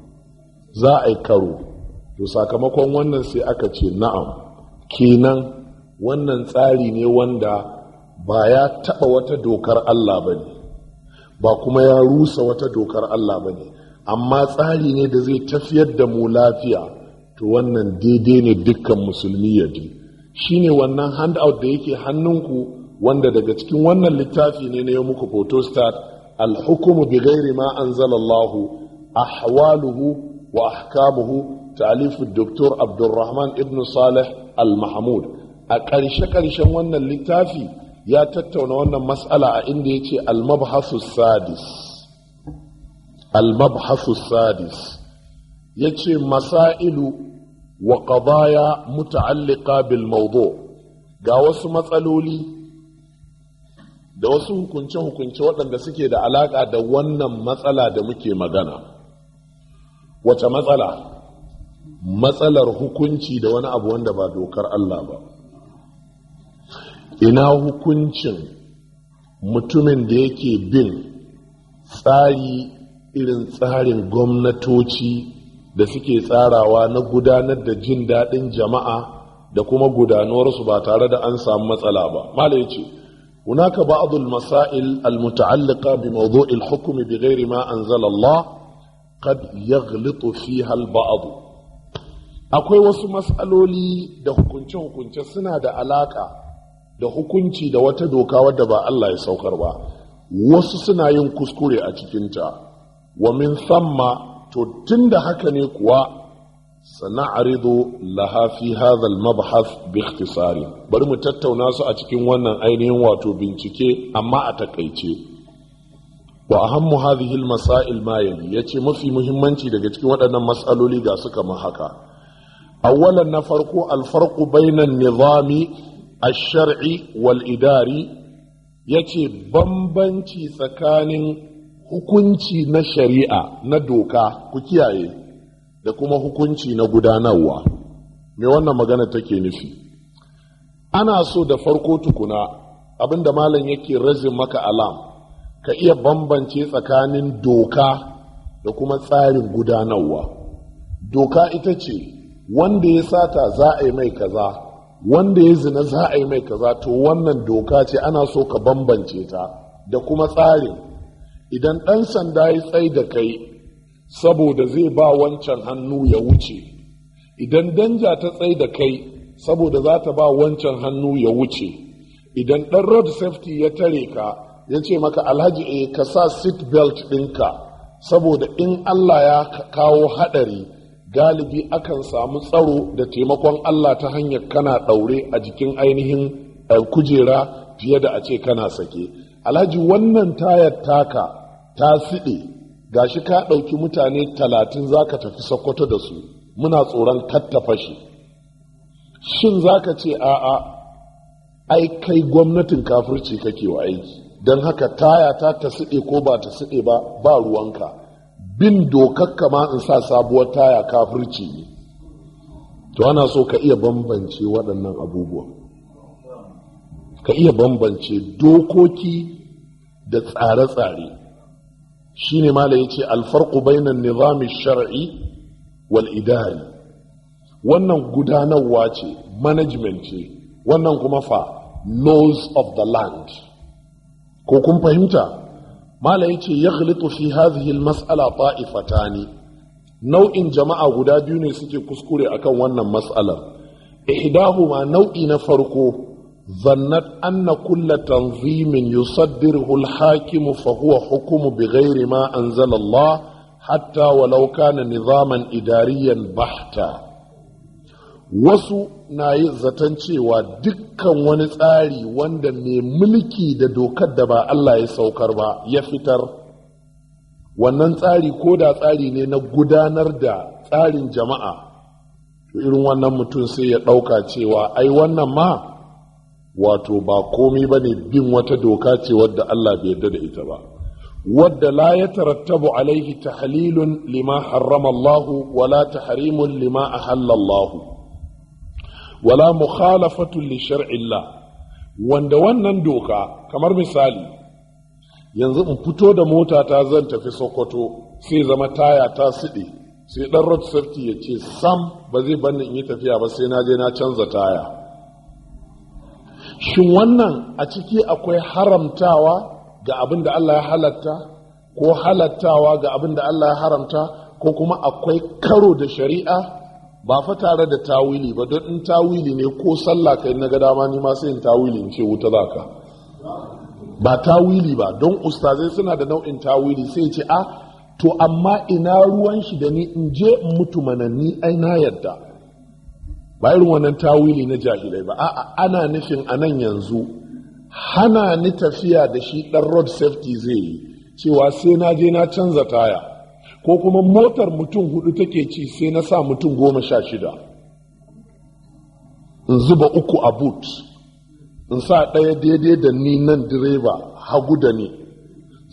za a yi karo to sakamakon wannan sai aka ce na'am kenan wannan tsari ne wanda ba ya taɓa wata dokar Allah ba ne ba kuma ya rusa wata dokar Allah ba ne amma tsari ne da zai tafiyar da mu lafiya to wannan daidai ne dukkan musulmi ya ji shi ne wannan handout da yake hannunku wanda daga cikin wannan littafi ne na ya muku photostat alhukumu bi gairi ma anzalallahu ahwaluhu وأحكامه تعليف الدكتور عبد الرحمن ابن صالح المحمود أقرش قرش وانا اللتافي يا تتون وانا مسألة عندي المبحث السادس المبحث السادس يتي مسائل وقضايا متعلقة بالموضوع قاوس مسألولي da wasu hukunce-hukunce waɗanda suke da alaƙa da wannan matsala da muke magana. wace matsala matsalar hukunci da wani abu wanda ba dokar Allah ba ina hukuncin mutumin da yake bin tsari irin tsarin gwamnatoci da suke tsarawa na gudanar da jin daɗin jama'a da kuma gudanuwarsu ba tare da an samu matsala ba mala ya ce hunaka ba'adul masail al-muta'alliqa bi mawdu'il hukmi bi ghairi ma قد يغلط فيها البعض akwai wasu matsaloli da hukunce-hukunce suna da alaka da hukunci da wata doka wadda ba Allah ya saukar ba wasu suna yin kuskure a cikinta wa min thamma to tunda haka ne kuwa sana'aridu laha fi hadha al bi ikhtisari bari mu tattauna su a cikin wannan ainihin wato bincike amma a takaice wa ahammu hadhihi al Sa'il ma yali yace mafi muhimmanci daga cikin waɗannan mas'aloli ga suka ma haka awwalan na farko alfarku bainan nizami a shari wal'idari idari yace bambanci tsakanin hukunci na shari'a na doka ku kiyaye da kuma hukunci na gudanarwa me wannan magana take nufi ana so da farko tukuna abinda malam yake razin maka alam ka iya bambance tsakanin doka da kuma tsarin gudanarwa doka ita ce wanda ya sata za a yi mai kaza wanda ya zina za a yi mai kaza to wannan doka ce ana so ka bambance ta da kuma tsarin idan ɗan sanda ya tsai da kai saboda zai ba wancan hannu ya wuce idan danja ta tsai da kai saboda za ta ba wancan hannu ya wuce idan ɗan road safety ya tare ka ya ce maka alhaji e ka sa seat belt ɗinka saboda in Allah ya kawo haɗari galibi akan samu tsaro da taimakon Allah ta hanyar kana ɗaure a jikin ainihin eh, kujera fiye da a ce kana sake alhaji wannan tayar taka ta siɗe gashi ka ɗauki mutane talatin za ka tafi sokoto da su muna tsoron kattafa shi shin za ka ce a'a ai kai gwamnatin kafirci kake wa aiki don haka taya ta ta suɗe ko ba ta suɗe ba ba ruwanka bin dokar kama in sa sabuwar taya kafirci ne to ana so ka iya bambance waɗannan abubuwa ka iya bambance dokoki da tsare-tsare shi ne mala ya ce alfarku bainan nizami shar'i wal wannan gudanarwa ce management ce wannan kuma fa laws of the land ko kun fahimta mala ya ce ya halittu fi hazihi mas'ala ta'ifata ne nau'in jama'a guda biyu ne suke kuskure akan wannan mas'alar ihdahu ma nau'i na farko zannat anna kulla tanzimin yusaddiru alhakimu fa huwa hukumu bi ghairi ma anzala Allah hatta walau kana nizaman idariyan bahta wasu na yin zaton cewa dukkan wani tsari wanda mai mulki da dokar da ba Allah ya saukar ba ya fitar wannan tsari ko da tsari ne na gudanar da tsarin jama'a to irin wannan mutum sai ya ɗauka cewa ai wannan ma wato ba komai ba ne bin wata doka ce wadda Allah bai yarda da ita ba wadda la ya tarattabu alaihi tahlilun lima harrama wala tahrimun lima ahalla Allah wala mukhalafatu li shar'illah wanda wannan doka kamar misali yanzu in fito da mota ta zan tafi sokoto sai zama taya ta siɗe sai ɗan road safety ya ce sam ba zai banni in yi tafiya ba sai na je na canza taya shin wannan a ciki akwai haramtawa ga abin da Allah ya halatta ko halattawa ga abin da Allah ya haramta ko kuma akwai karo da shari'a ba fa tare da tawili ba don in tawili ne ko sallah kai na ga dama ni ma sai in tawili in ce wuta za ka ba tawili ba don ustazai suna da nau'in tawili sai ce a ah, to amma ina ruwan shi da ni in je in mutu mana ni ai na yadda ba irin wannan tawili na jahilai ba a'a ana nufin a nan yanzu hana ni tafiya da shi dan road safety zai yi cewa sai na je na canza taya ko kuma motar mutum hudu take ci sai na sa mutum goma sha shida in zuba uku a boot in sa ɗaya daidai da ni nan direba hagu da ni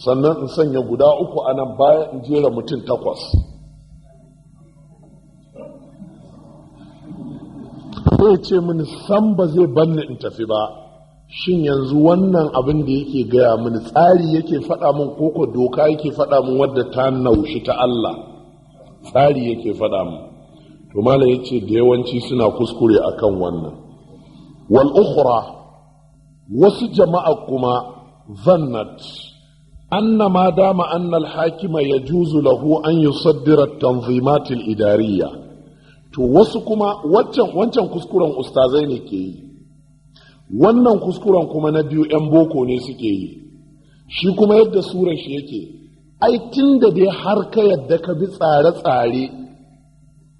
sannan in sanya guda uku a nan baya in jera mutum takwas sai ce mini san ba zai banni in tafi ba shin yanzu wannan abin da yake gaya mini tsari yake faɗa min koko doka yake faɗa min wadda ta naushi ta Allah tsari yake faɗa min to malam yace da yawanci suna kuskure akan wannan wal ukhra wasu jama'a kuma zannat anna ma dama anna al hakima yajuzu lahu an yusaddira at-tanzimat idariyya to wasu kuma wancan kuskuren ustazai ne ke yi wannan kuskuren kuma na biyu 'yan boko ne suke yi shi kuma yadda surar shi yake ai tun da dai har ka yadda ka bi tsare-tsare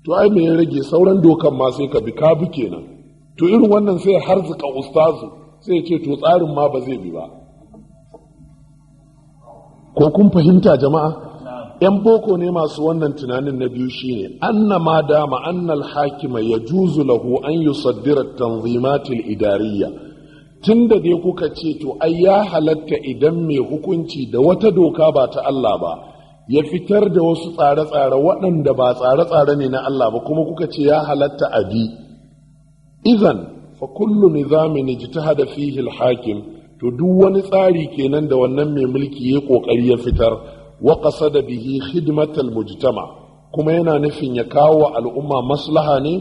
to ai mai rage sauran dokan ma sai ka bi ka bi kenan to irin wannan sai har zuka ustazu sai ce to tsarin ma ba zai bi ba ko kun fahimta jama'a yan boko ne masu wannan tunanin na biyu shine anna ma dama annal hakima ya juzu lahu an yusaddira tanzimatil idariya tun da dai kuka ce to ai ya halatta idan mai hukunci da wata doka ba ta Allah ba ya fitar da wasu tsare-tsare waɗanda ba tsare-tsare ne na Allah ba kuma kuka ce ya halatta a bi izan fa kullu nizamin ijtahada fihi al-hakim to duk wani tsari kenan da wannan mai mulki ya ƙoƙari ya fitar Waƙasa da bihi khidmatal mujtama kuma yana nufin ya kawo wa al'umma maslaha ne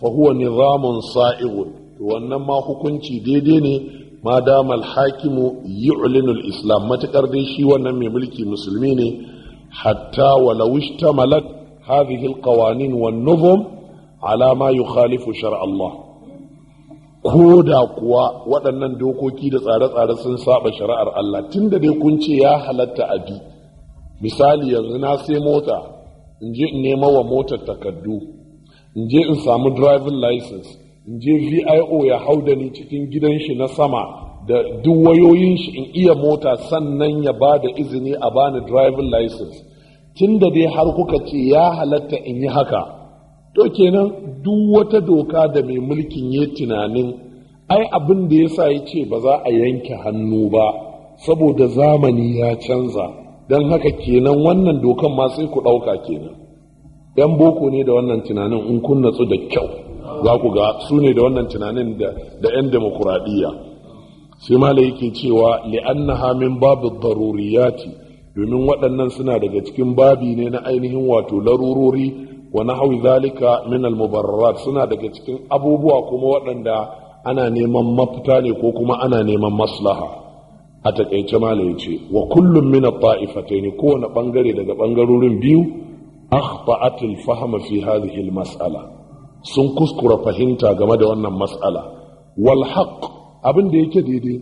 fa huwa nizamun sa'igun to wannan ma hukunci daidai ne ma dama al-hakimu yu'linu al-islam Matukar dai shi wannan mai mulki musulmi ne hatta walau ishtamalat hadhihi al-qawanin wan nuzum ala ma yukhalifu shar'a Allah ko da kuwa waɗannan dokoki da tsare-tsare sun saɓa shari'ar Allah Tunda dai kun ce ya halatta abi misali yanzu na sai mota in je in nema wa motar takardu in je in samu driving license in je vio ya hau da ni cikin gidan shi na sama da duk wayoyin shi in iya mota sannan ya ba da izini a bani driving license tun da dai har kuka ce ya halatta in yi haka to kenan duk wata doka da mai mulkin ya tunanin ai abin da ya sa ya ce ba za a yanke hannu ba saboda zamani ya canza don haka kenan wannan dokan ma sai ku ɗauka kenan yan boko ne da wannan tunanin in kun natsu da kyau za ku ga su ne da wannan tunanin da yan demokuraɗiyya sai ma yake cewa li'anna hamin babu daruriyati domin waɗannan suna daga cikin babi ne na ainihin wato larurori wa hau zalika min al-mubarrarat suna daga cikin abubuwa kuma waɗanda ana neman mafita ne ko kuma ana neman maslaha a takaice malam ya ce wa kullum min at-ta'ifatayn kowane bangare daga bangarorin biyu akhta'at al-fahma fi hadhihi al-mas'ala sun kuskura fahimta game da wannan mas'ala wal haqq abin da yake daidai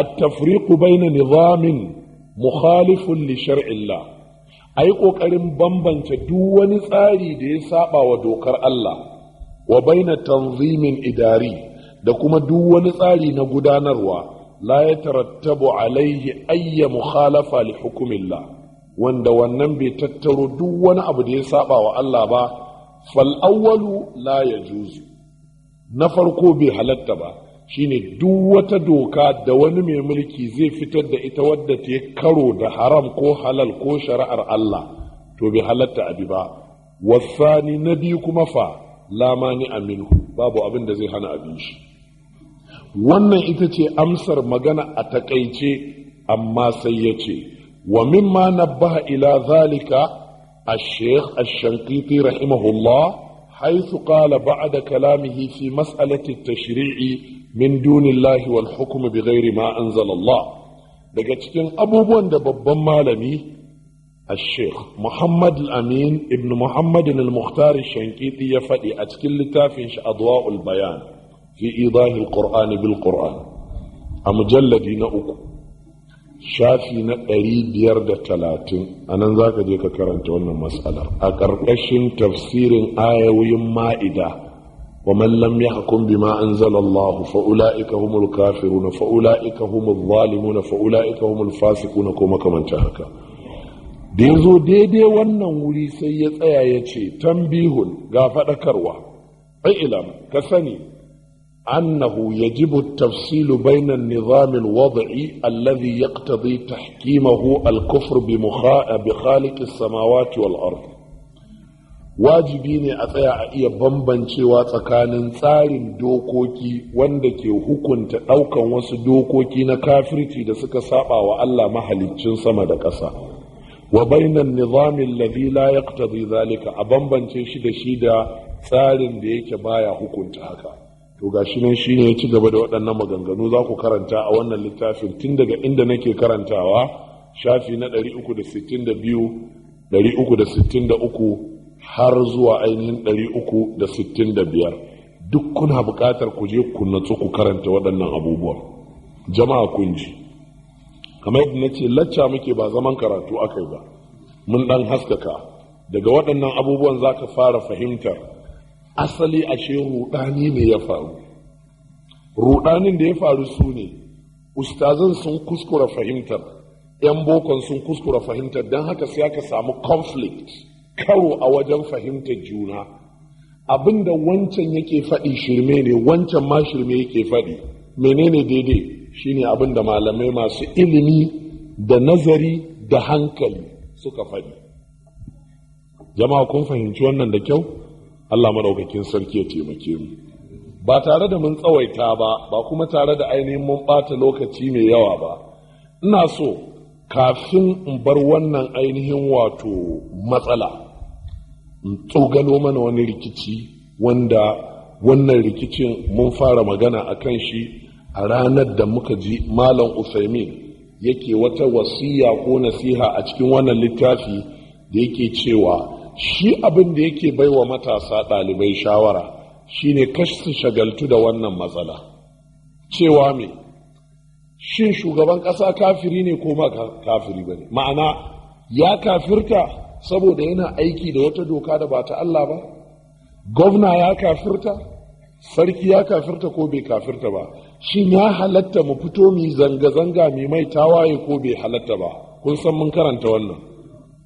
at-tafriqu bayna nizamin mukhalifun li shar'illah ai kokarin bambance duk wani tsari da ya saba wa dokar Allah wa baina tanzimin idari da kuma duk wani tsari na gudanarwa la ya tarattabu alaihi ayya mukhalafa li hukumillah wanda wannan bai tattaro duk wani abu da ya saba wa Allah ba fal awwalu la yajuzu na farko bai halarta ba shine duk wata doka da wani mai mulki zai fitar da ita wadda ta yi karo da haram ko halal ko shari'ar Allah to bai halatta abi ba wasani na biyu kuma fa lamani aminu babu abin da zai hana abinci. wannan ita ce amsar magana a takaice amma sai ya ce wa mimma nabbaha ila zalika الشيخ الشنقيطي رحمه الله حيث قال بعد كلامه في مسألة التشريع من دون الله والحكم بغير ما أنزل الله daga cikin abubuwan da babban malami a sheikh muhammad al-amin ibn muhammad al-mukhtar shankiti ya faɗi a cikin littafin shi adwa'ul bayan fi idahi alqur'ani bil a mujalladi na uku shafi na ɗari biyar da talatin a nan za ka je ka karanta wannan matsalar a ƙarƙashin tafsirin ayoyin ma'ida ومن لم يحكم بما أنزل الله فأولئك هم الكافرون فأولئك هم الظالمون فأولئك هم الفاسقون كما كما تهكا ديزو دي دي ونن ولي سيد آية تنبيه غافة كروة علم كسني أنه يجب التفصيل بين النظام الوضعي الذي يقتضي تحكيمه الكفر بخالق السماوات والأرض واجبين أثياء يبنبن شوى تكان انصار دوكوكي واندكي حكم تأوكا واس نكافر تيد سكا سابا وألا محل جنسما دكسا وبين النظام الذي لا يقتضي ذلك أبنبن شيد شيدا تسالين ديك بايا حكم تهكا to ga shi ne shi ne ya ci gaba da waɗannan maganganu za ku karanta a wannan littafin tun daga inda nake karantawa shafi na 362 363 har zuwa ainihin 365 duk kuna buƙatar ku je ku natsu ku karanta waɗannan abubuwa jama'a kun ji kamar yadda na ce lacca muke ba zaman karatu akai ba mun ɗan haskaka daga waɗannan abubuwan za ka fara fahimtar asali ashe rudani ne ya faru rudanin da ya faru su ne ustazan sun kuskura fahimtar 'yan bokon sun kuskura fahimtar don haka sai aka samu conflict karo a wajen fahimtar juna abinda wancan yake faɗi shirme ne wancan ma shirme yake faɗi menene daidai shine abinda malamai masu ilimi da nazari da hankali suka faɗi jama'a kun fahimci wannan da kyau Allah madaukakin sarki ya taimake mu ba tare da mun tsawaita ba ba kuma tare da ainihin mun ɓata lokaci mai yawa ba ina so kafin in bar wannan ainihin wato matsala in tsogalo mana wani rikici wanda wannan rikicin mun fara magana a kan shi a ranar da muka ji malam usaimin yake wata wasiya ko nasiha a cikin wannan littafi da yake cewa shi abin da yake baiwa matasa ɗalibai shawara shine kashi shagaltu da wannan matsala cewa me shin shugaban ƙasa kafiri ne ko kafiri ba ne ma'ana ya kafirta saboda yana aiki da wata doka da ba ta Allah ba gwamna ya kafirta sarki ya kafirta ko bai kafirta ba shin ya halatta mu fito mu zanga-zanga mai mai tawaye ko bai halatta ba kun san mun karanta wannan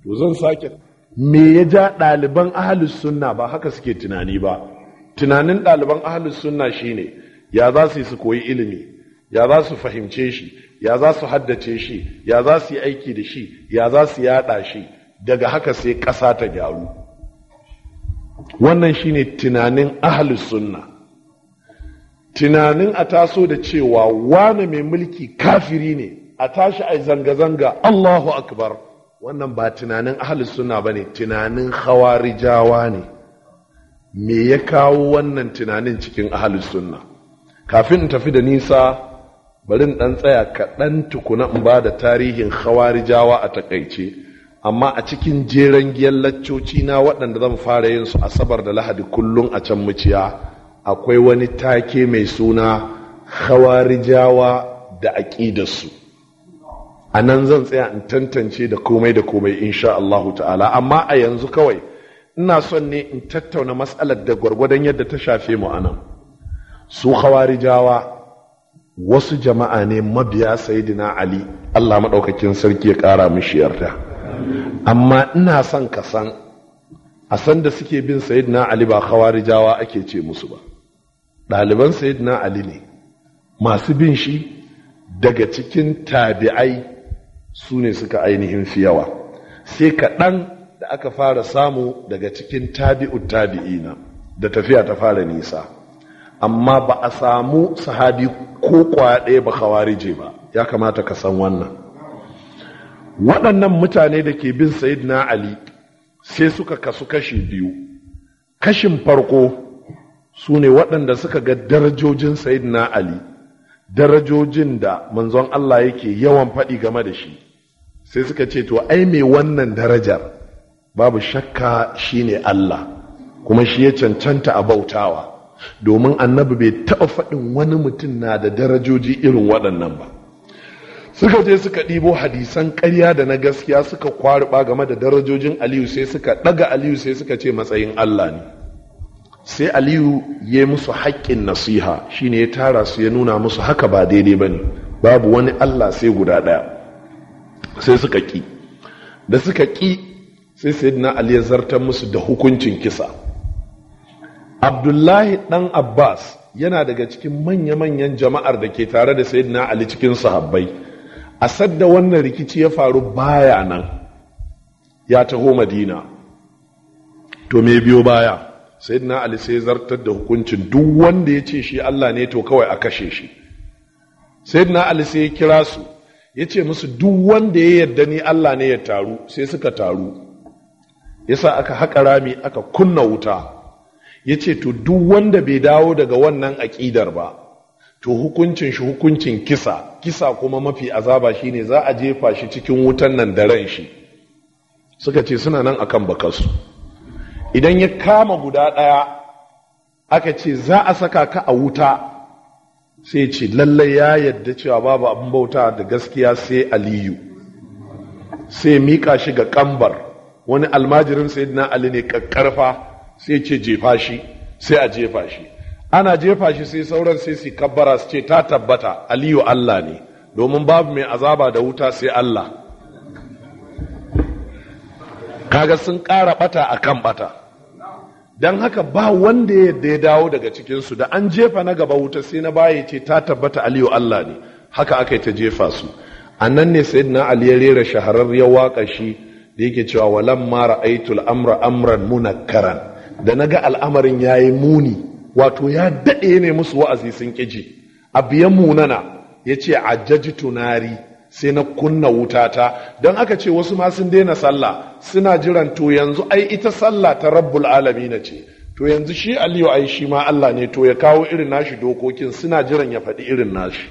to zan sake me ya ja ɗaliban ahalus sunna ba haka suke tunani ba tunanin ɗaliban ahalus sunna shine ya za su yi su koyi ilimi ya za su fahimce shi ya za su haddace shi ya za su yi aiki da shi ya za su yaɗa shi daga haka sai ƙasa ta gyaru wannan shine tunanin ahalus sunna tunanin a taso da cewa wane mai mulki kafiri ne a tashi a zanga-zanga allahu akbar wannan ba tunanin ahalus suna ba ne tunanin hawarijawa ne me ya kawo wannan tunanin cikin ahalus sunna kafin in tafi da nisa bari in ɗan tsaya kaɗan tukuna in ba da tarihin hawarijawa a takaice amma a cikin jeren giyan laccoci na waɗanda zan fara yin su asabar da lahadi kullum a can muciya akwai wani take mai suna hawarijawa da aƙidarsu a nan zan tsaya in tantance da komai da komai insha Allahu ta'ala amma a yanzu kawai ina son ne in tattauna matsalar da gwargwadon yadda ta shafe mu anan su khawarijawa wasu jama'a ne mabiya sayidina ali Allah maɗaukakin sarki ya kara mishi yarda amma ina son ka san a san da suke bin sayidina ali ba khawarijawa ake ce musu ba ɗaliban sayidina ali ne masu bin shi daga cikin tabi'ai su ne suka ainihin fi yawa sai kaɗan da aka fara samu daga cikin tabi'ut tabi'ina da tafiya ta fara nisa amma ba a samu sahabi ko kwaɗe ba kawarije ba ya kamata ka san wannan waɗannan mutane da ke bin sayidina ali sai suka kasu kashi biyu kashin farko su ne waɗanda suka ga darajojin sayidina ali darajojin da manzon Allah yake yawan faɗi game da shi sai suka ce to ai me wannan darajar babu shakka shine Allah kuma shi ya cancanta a bautawa domin annabi bai taɓa faɗin wani mutum na da darajoji irin waɗannan ba suka je suka ɗibo hadisan ƙarya da na gaskiya suka kwaruɓa game da darajojin aliyu sai suka ɗaga aliyu sai suka ce matsayin Allah ne sai aliyu ya yi musu haƙƙin nasiha shine ya tara su ya nuna musu haka ba daidai ba ne babu wani allah sai guda ɗaya sai suka ƙi da suka ƙi sai sayyidina ali ya zartar musu da hukuncin kisa abdullahi ɗan abbas yana daga cikin manya-manyan jama'ar da ke tare da sayyidina ali cikin sahabbai a sadda wannan rikici ya faru baya nan ya taho madina to me biyo baya na ali sai zartar da hukuncin duk wanda ya ce shi Allah ne to kawai a kashe shi na ali sai ya kira su ya ce musu duk wanda ya yarda ni Allah ne ya taru sai suka taru yasa aka haƙa rami aka kunna wuta ya ce to duk wanda bai dawo daga wannan aƙidar ba to hukuncin shi hukuncin kisa kisa kuma mafi azaba shine za a jefa shi cikin wutan nan da ran shi suka ce suna nan akan bakarsu idan ya kama guda ɗaya aka ce za a saka ka a wuta sai ce lallai ya yadda cewa babu abin bauta da gaskiya sai aliyu sai mika shi ga kambar wani almajirin dina ali ne kakkarfa sai ce jefa shi sai a jefa shi ana jefa shi sai sauran sai su kabbara su ce ta tabbata aliyu allah ne domin babu mai azaba da wuta sai allah kaga sun ƙara bata akan bata don haka ba wanda yadda ya dawo daga cikinsu da an jefa na gaba wuta sai na baya ce ta tabbata aliyu Allah ne haka aka yi ta jefa su a nan ne na ali ya rera shahararriyar waƙa shi da yake cewa walan mara aitul amra amran munakkaran da na ga al'amarin ya yi muni wato ya daɗe ne musu wa'azi sun ƙiji A ya munana yace ajjajitu nari sai na kunna wutata don aka ce wasu ma sun daina sallah suna jiran to yanzu ai ita sallah ta rabbul alami na ce to yanzu shi aliyu ai shi ma Allah ne to ya kawo irin nashi dokokin suna jiran ya faɗi irin nashi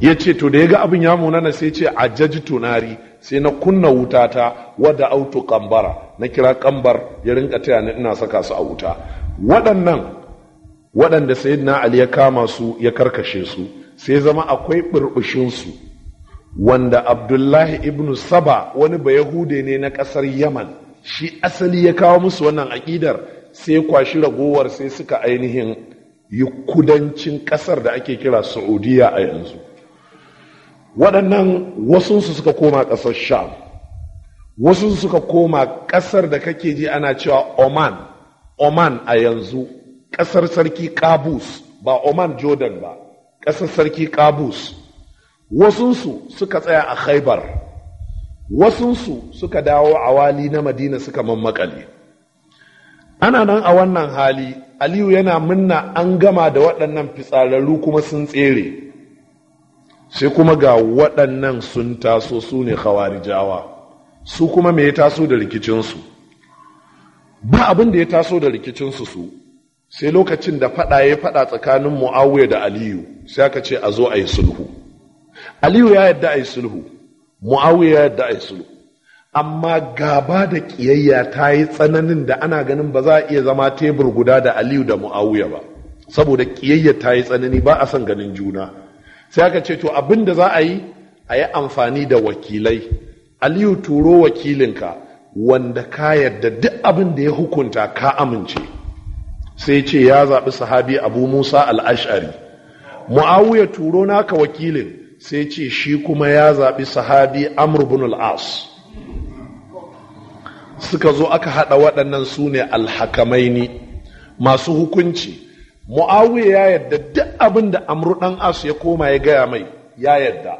ya ce to da ya ga abin ya munana sai ce a jaji tunari sai na kunna wutata wadda auto kambara na kira kambar ya rinka taya ni ina saka su a wuta waɗannan waɗanda sayyidina ali ya kama su ya karkashe su sai zama akwai burbushinsu wanda abdullahi ibnu saba wani bayahude ne na ƙasar yaman shi asali ya kawo musu wannan aƙidar sai kwashi ragowar sai suka ainihin yi kudancin ƙasar da ake kira saudiya a yanzu waɗannan wasunsu suka koma ƙasar sham wasu suka koma ƙasar da kake ji ana cewa oman oman a yanzu ƙasar sarki kabus ba oman jordan ba ƙasar sarki ƙabus wasunsu suka tsaya a khaibar wasunsu suka dawo a wali na madina suka mammakale ana nan a wannan hali aliyu yana munna an gama da waɗannan fitsararru kuma sun tsere sai kuma ga waɗannan sun taso su ne khawarijawa su kuma me ya taso da rikicinsu ba abin da ya taso da rikicinsu su sai lokacin da fada ya fada tsakanin muawiya da aliyu sai aka ce a zo a yi sulhu aliyu ya yadda a yi sulhu muawiya ya yadda a yi sulhu amma gaba da ƙiyayya ta yi tsananin da ana ganin ba za a iya zama tebur guda da aliyu da muawiya ba saboda ƙiyayya ta yi tsanani ba a son ganin juna sai aka ce to abin da za a yi a yi amfani da wakilai aliyu turo wakilinka wanda ka yarda duk abin da ya hukunta ka amince sai ce ya zaɓi sahabi abu musa al'ashari mu'awuya turo naka wakilin sai ce shi kuma ya zaɓi sahabi amurbin al'as suka zo aka haɗa waɗannan su ne alhakamaini masu hukunci mu'awiya ya yadda duk abin da amru ɗan as ya koma ya gaya mai ya yadda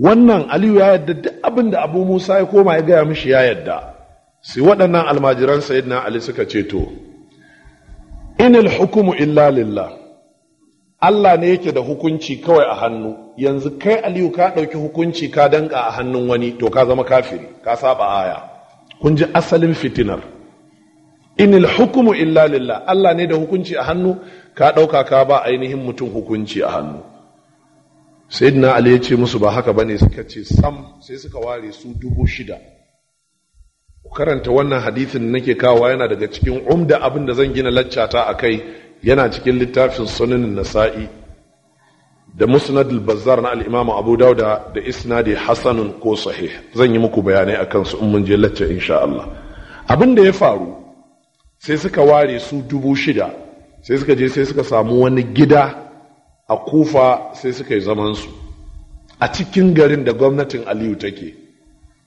wannan aliyu ya yadda duk abin da abu musa ya koma ya gaya mishi ya yadda sai waɗannan almajiran sayyidina ali suka ce to inil hukumu illa lillah Allah ne yake da hukunci kawai a hannu yanzu kai aliyu ka ɗauki hukunci ka danka a hannun wani to ka zama kafiri ka saba aya kun ji asalin fitinar inil hukumu illa lillah Allah ne da hukunci a hannu ka ɗauka ka ba ainihin mutum hukunci a hannu sayyidina ali ya ce musu ba haka ba ne suka ce sam sai suka ware su dubu shida karanta wannan hadithin nake kawo yana daga cikin umda abin da zan gina laccata a kai yana cikin littafin sunan nasa'i da musnad al-bazzar na al-imam abu dauda da isnadi hasanun ko sahih zan yi muku bayanai akan su in mun je lacca insha Allah abin da ya faru sai suka ware su dubu shida sai suka je sai suka samu wani gida a kufa sai suka yi su a cikin garin da gwamnatin aliyu take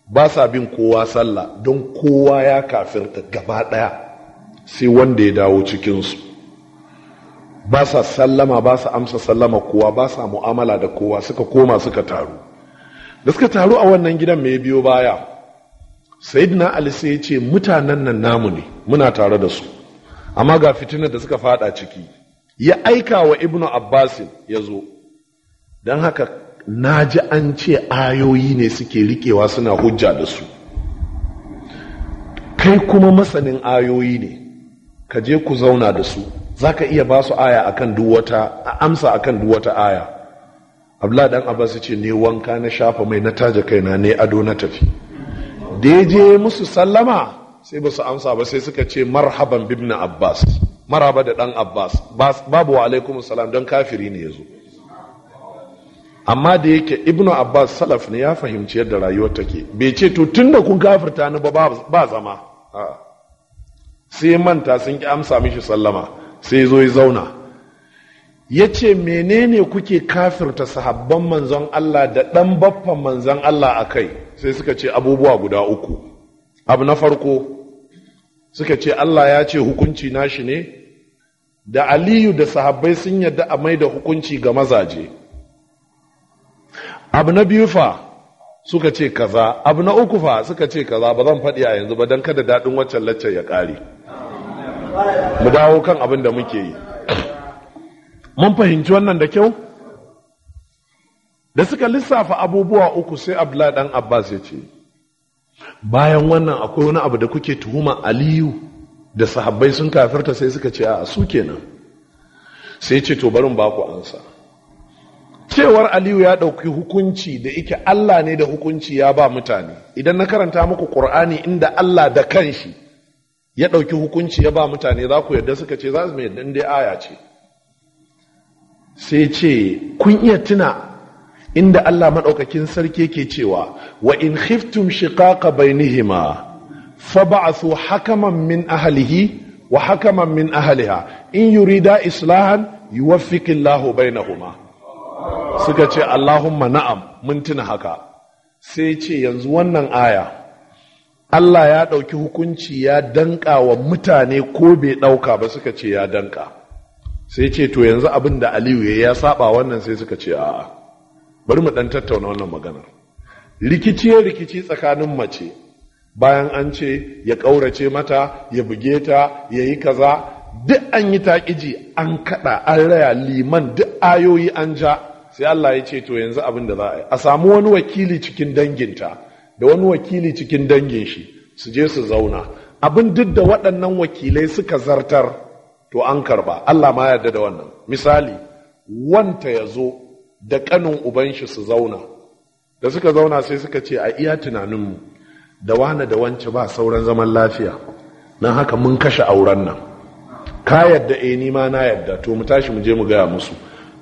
ba sa bin kowa sallah don kowa ya kafirta gaba ɗaya sai wanda ya dawo cikinsu ba sa sallama ba sa amsa sallama kowa ba sa mu'amala da kowa suka koma suka taru da suka taru a wannan gidan mai biyo baya sayidina ali sai ya ce mutanen nan namu ne muna tare da su amma ga fitinar da suka fada ciki ya aika wa ibnu abbasin ya zo don haka na ji an ce ayoyi ne suke rikewa suna hujja da su kai kuma masanin ayoyi ne ka je ku zauna da su za ka iya ba su aya a kan duwata a amsa a kan duwata aya abla dan abbas ce ne wanka na shafa mai na taje kaina ne ado na tafi da ya je musu sallama sai ba su amsa ba sai suka ce marhaban bibna abbas maraba da ɗan abbas babu wa alaikum salam don kafiri ne ya zo amma da yake ibnu abbas salaf ne ya fahimci yadda rayuwar take bai ce to tunda kun kafirta ni ba ba zama sai manta sun ki amsa mishi sallama sai zo ya zauna ya ce menene kuke kafirta sahabban manzon Allah da ɗan baffan manzon Allah a kai sai suka ce abubuwa guda uku abu na farko suka ce Allah ya ce hukunci nashi ne da aliyu da sahabbai sun yadda a mai da hukunci ga mazaje abu na biyu fa suka ce kaza abu na uku fa suka ce kaza ba zan faɗi a yanzu ba don kada daɗin waccan laccar ya ƙare mu dawo kan abin da muke yi mun fahimci wannan da kyau da suka lissafa abubuwa uku sai abdullahi dan abbas ya ce bayan wannan akwai wani abu da kuke tuhuma aliyu da sahabbai sun kafirta sai suka ce a su kenan sai ce to barin ba ku ansa cewar aliyu ya ɗauki hukunci da ike allah ne da hukunci ya ba mutane idan na karanta muku ƙur'ani inda allah da kanshi ya ɗauki hukunci ya ba mutane za ku yadda suka ce za su mai yadda aya ce sai ce kun iya tuna inda allah maɗaukakin sarki ke cewa wa in khiftum shiqaqa bainihima fa ba'athu hakaman min ahlihi wa hakaman min ahliha in yurida islahan yuwaffiqillahu bainahuma suka ce Allahumma na'am mun tuna haka sai ce yanzu wannan aya Allah ya ɗauki hukunci ya danƙa wa mutane ko bai ɗauka ba suka ce ya danka sai ce to yanzu abin da Aliyu ya ya saba wannan sai suka ce a'a bari mu ɗan tattauna wannan maganar rikici ya rikici tsakanin mace bayan an ce ya ƙaurace mata ya buge ta ya yi kaza duk an yi taƙiji an kaɗa an raya liman duk ayoyi an ja sai Allah ya ce to yanzu abin da za a yi a samu wani wakili cikin danginta da wani wakili cikin dangin shi su je su zauna abin duk da waɗannan wakilai suka zartar to an karba Allah ma yarda da wannan misali wanta ya zo da kanin uban shi su zauna da suka zauna sai suka ce a iya tunaninmu da wane da wance ba sauran zaman lafiya na haka mun kashe auren nan ka yadda eh ni ma na yadda to mu tashi mu je mu gaya musu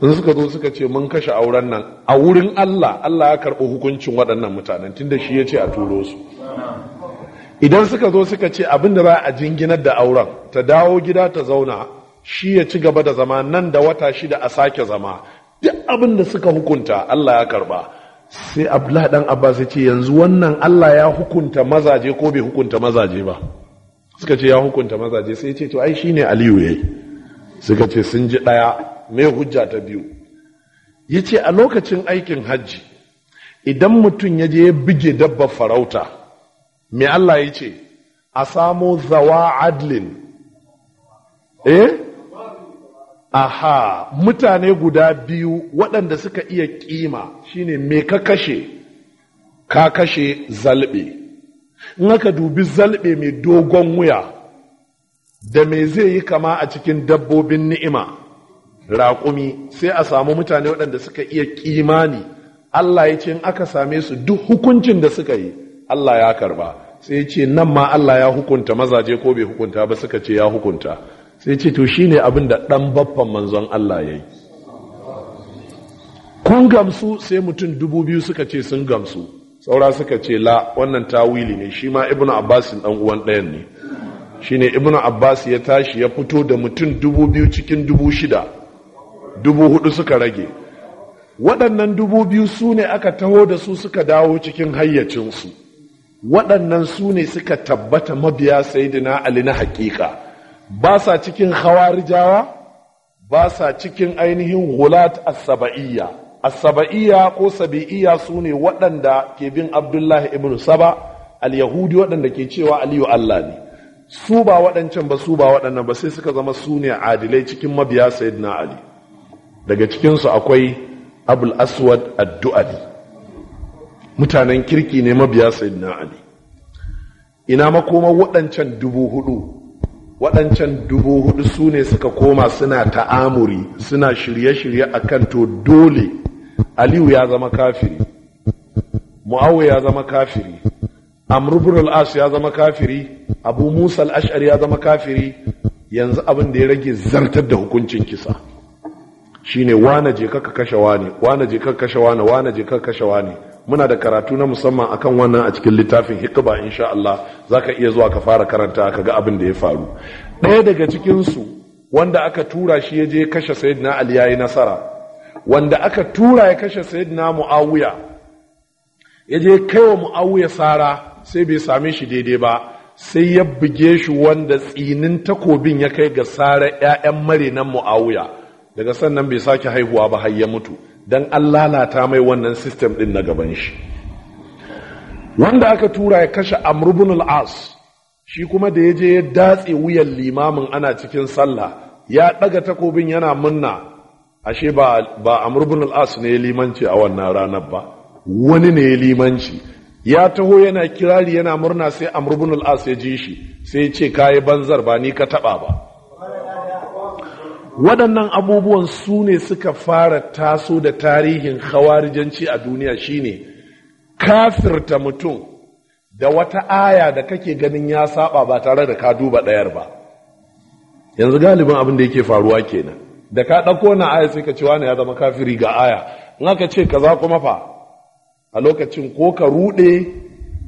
in suka zo suka ce mun kashe auren nan a wurin Allah Allah ya karɓi hukuncin waɗannan mutanen tunda shi ya ce a turo su idan suka zo suka ce abin da za a jinginar da auren ta dawo gida ta zauna shi ya ci gaba da zama nan da wata shida a sake zama duk abin da suka hukunta Allah ya karɓa. sai Abdullah dan Abbas ya ce yanzu wannan Allah ya hukunta mazaje ko bai hukunta mazaje ba suka ce ya hukunta mazaje sai ce to ai shine Aliyu yayi suka ce sun ji daya mai hujja ta biyu ya ce a lokacin aikin hajji idan mutum ya je ya bige dabba farauta mai Allah ya ce a samo zawa adlin eh aha mutane guda biyu waɗanda suka iya kima shine me ka kashe ka kashe zalbe in aka dubi zalbe mai dogon wuya da me zai yi kama a cikin dabbobin ni'ima raƙumi sai a samu mutane waɗanda suka iya kimani Allah ya ce in aka same su duk hukuncin da suka yi Allah ya karɓa sai ce nan ma Allah ya hukunta mazaje ko bai hukunta ba suka ce ya hukunta sai ce to shine abin da ɗan baffan manzon Allah ya yi kun gamsu sai mutum dubu biyu suka ce sun gamsu saura suka ce la wannan tawili ne shi ma ibnu abbas ɗan uwan ɗayan ne shine ibnu abbas ya tashi ya fito da mutum dubu biyu cikin dubu shida dubu hudu suka rage waɗannan dubu biyu su ne aka taho da su suka dawo cikin hayyacinsu waɗannan su ne suka tabbata mabiya sayidina ali na haƙiƙa ba sa cikin hawarijawa ba sa cikin ainihin hulat asaba'iyya asaba'iyya ko sabi'iyya su ne waɗanda ke bin abdullahi ibn saba al-yahudi waɗanda ke cewa aliyu allah ne su ba waɗancan ba su ba waɗannan ba sai suka zama su ne adilai cikin mabiya sayidina ali daga cikinsu akwai abul aswad addu'ali mutanen kirki ne mabiya sayyidina ali ina makoma waɗancan dubu hudu waɗancan dubu hudu su ne suka koma suna ta'amuri suna shirye-shirye a kan to dole aliyu ya zama kafiri mu'awu ya zama kafiri amrubun as ya zama kafiri abu musa al-ash'ari ya zama kafiri yanzu abin da ya rage zartar da hukuncin kisa shine wane je kaka kashe wane wane je kaka kashe wane wane je kaka kashe wane muna da karatu na musamman akan wannan a cikin littafin hikba insha Allah zaka iya zuwa ka fara karanta ka ga abin da ya faru ɗaya daga cikin su wanda aka tura shi ya je kashe sayyidina Ali yayi nasara wanda aka tura ya kashe sayyidina Muawiya ya je wa Muawiya sara sai bai same shi daidai ba sai ya buge shi wanda tsinin takobin ya kai ga sara ƴaƴan mare nan Muawiya daga sannan bai sake haihuwa ba har ya mutu don an lalata mai wannan sistem din na gaban shi wanda aka tura ya kashe amr al'as as shi kuma da ya je ya datse wuyan limamin ana cikin sallah ya ɗaga takobin yana munna ashe ba ba ne ya limanci a wannan ranar ba wani ne ya limanci ya taho yana kirari yana murna sai amr al'as as ya ji shi sai ya ce kayi banzar ba ni ka taɓa ba waɗannan abubuwan su ne suka fara taso da tarihin hawarijanci a duniya shine kafirta mutum da wata aya da kake ganin ya saba ba tare da ka duba ɗayar ba yanzu galibin abin da yake faruwa kenan da ka ɗauko na aya sai ka cewa ne ya zama kafiri ga aya in aka ce ka za kuma fa a lokacin ko ka ruɗe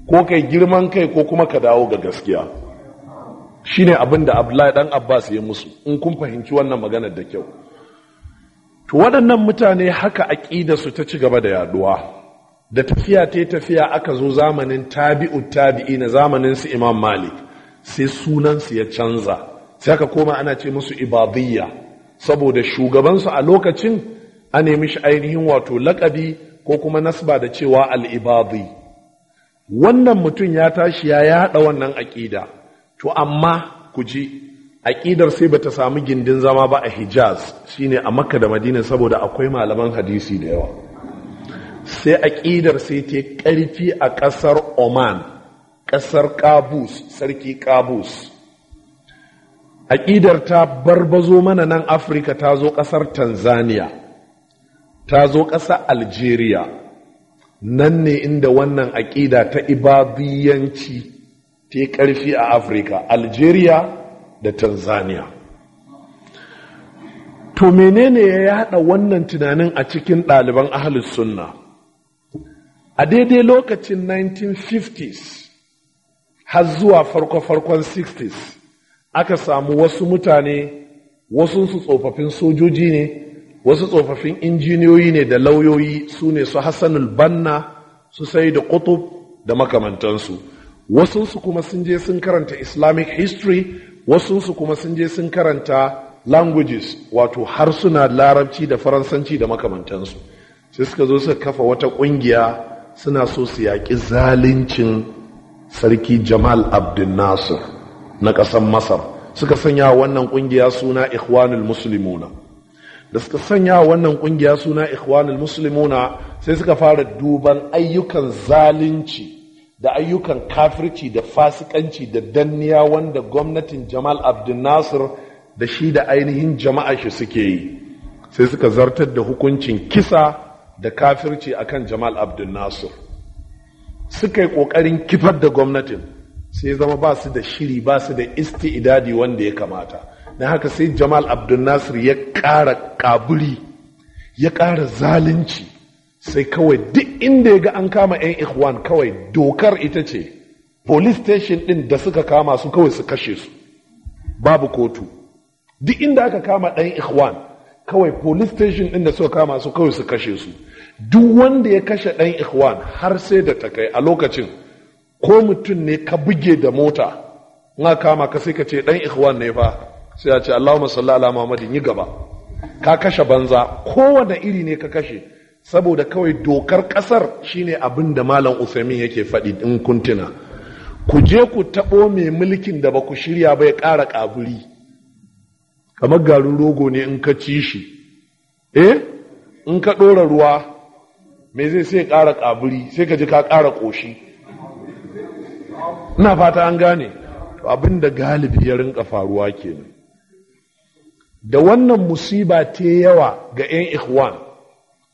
ko kai girman kai ko kuma ka dawo ga gaskiya shine abin da abdullahi dan abbas ya musu in kun fahimci wannan maganar da kyau to waɗannan mutane haka su ta ci gaba da yaduwa da tafiya ta tafiya aka zo zamanin tabi'u tabi'i na zamanin su imam malik sai sunansu ya canza sai aka koma ana ce musu ibadiyya saboda shugabansu a lokacin a nemi shi ainihin wato lakabi ko kuma nasba da cewa al'ibadi wannan mutum ya tashi ya yada wannan aƙida to amma ku ji aƙidar sai bata samu gindin zama ba a hijaz shine a makka da madina saboda akwai malaman hadisi da yawa sai aƙidar sai ta ƙarfi a ƙasar oman ƙasar kabus sarki kabus aƙidar ta barbazo mana nan afirka ta zo ƙasar tanzania ta zo ƙasar algeria nan ne inda wannan aƙida ta Ibabiyanci. ta ƙarfi a afirka algeria da tanzania to menene ya yada wannan tunanin a cikin ɗaliban ahalus sunna a daidai lokacin 1950s har zuwa farko-farkon 60s aka samu wasu mutane wasu su tsofaffin sojoji ne wasu tsofaffin injiniyoyi ne da lauyoyi su ne su hassanul banna su sai da kutub da makamantansu wasu su kuma sun je sun karanta islamic history wasu su kuma sun je sun karanta languages wato harsuna larabci da faransanci da makamantansu sai suka zo suka kafa wata ƙungiya suna so su yaƙi zalincin sarki jamal abdul nasir na ƙasar masar suka sanya wannan ƙungiya suna ikhwanul muslimuna da suka sanya wannan ƙungiya suna ikhwanul muslimuna sai suka fara duban ayyukan zalunci da ayyukan kafirci da fasikanci da danniya wanda gwamnatin Jamal Abdul Nasir da shi da ainihin jama'a shi suke yi sai suka zartar da hukuncin kisa da kafirci akan Jamal Abdul Nasir suka yi ƙoƙarin kifar da gwamnatin sai zama ba su da shiri ba su da isti'idadi wanda ya kamata na haka sai Jamal Abdul Nasir ya ƙara ƙaburi, ya ƙara zalunci sai kawai duk inda ya ga an kama 'yan ikhwan kawai dokar ita ce police station ɗin da suka kama su kawai su kashe su babu kotu duk inda aka kama ɗan ikhwan kawai police station ɗin da suka kama su kawai su kashe su duk wanda ya kashe ɗan ikhwan har sai da ta kai a lokacin ko mutum ne ka buge da mota na kama ka sai ka ce ɗan ikhwan ne fa sai a ce Allahumma salli ala Muhammadin yi gaba ka kashe banza kowane iri ne ka kashe saboda kawai dokar kasar shine abin da malam usaimin yake faɗi in kuntuna ku je ku taɓo mai mulkin da ba ku shirya ba ya ƙara ƙaburi kamar garin rogo ne in ka ci shi eh in ka ɗora ruwa me zai sai ƙara ƙaburi sai ka ji ka ƙara ƙoshi ina fata an gane abin da galibi ya rinka faruwa kenan da wannan musiba ta yawa ga 'yan ikhwan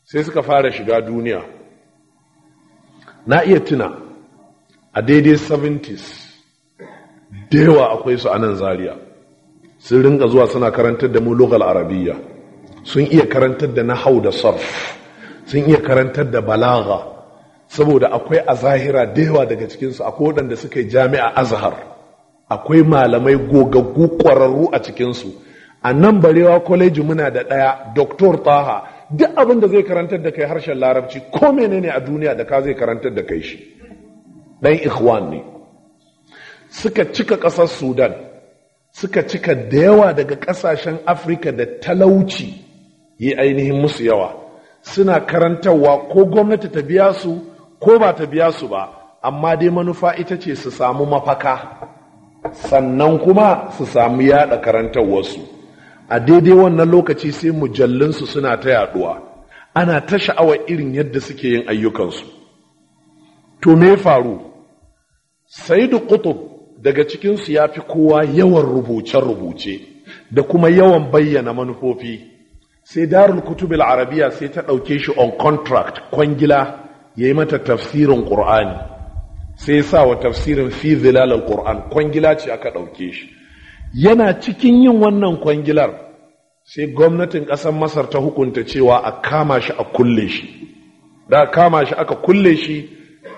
sai suka fara shiga duniya na iya tuna a daidai 70s dewa akwai su a nan zariya sun ringa zuwa suna karantar da mu lokal arabiya sun iya karantar da nahau da sarf sun iya karantar da balaga saboda akwai a zahira da daga cikinsu a waɗanda suka yi jami'a azhar akwai malamai gogaggu ƙwararru a cikinsu a nan barewa kwaleji muna da ɗaya doktor taha duk abin da zai karantar da kai harshen larabci ko menene a duniya da ka zai karantar da kai shi ɗan ikhwan ne suka cika ƙasar sudan suka cika da yawa daga ƙasashen afirka da talauci yi ainihin musu yawa suna karantarwa ko gwamnati ta biya su ko ba ta biya su ba amma dai manufa ita ce su samu mafaka sannan kuma su samu yada karantarwarsu a daidai wannan lokaci sai mujallinsu suna ta yaduwa ana ta sha'awar irin yadda suke yin ayyukansu to me faru saidu kutub daga cikinsu ya fi kowa yawan rubuce-rubuce da kuma yawan bayyana manufofi sai darul kutubil arabiya sai ta ɗauke shi on contract kwangila ya yi mata tafsirin ƙur'ani sai sa wa tafsirin fi zilalar ƙur'an kwangila ce aka ɗauke shi yana cikin yin wannan kwangilar sai gwamnatin ƙasar masar ta hukunta cewa a kama shi a kulle shi da kama shi aka kulle shi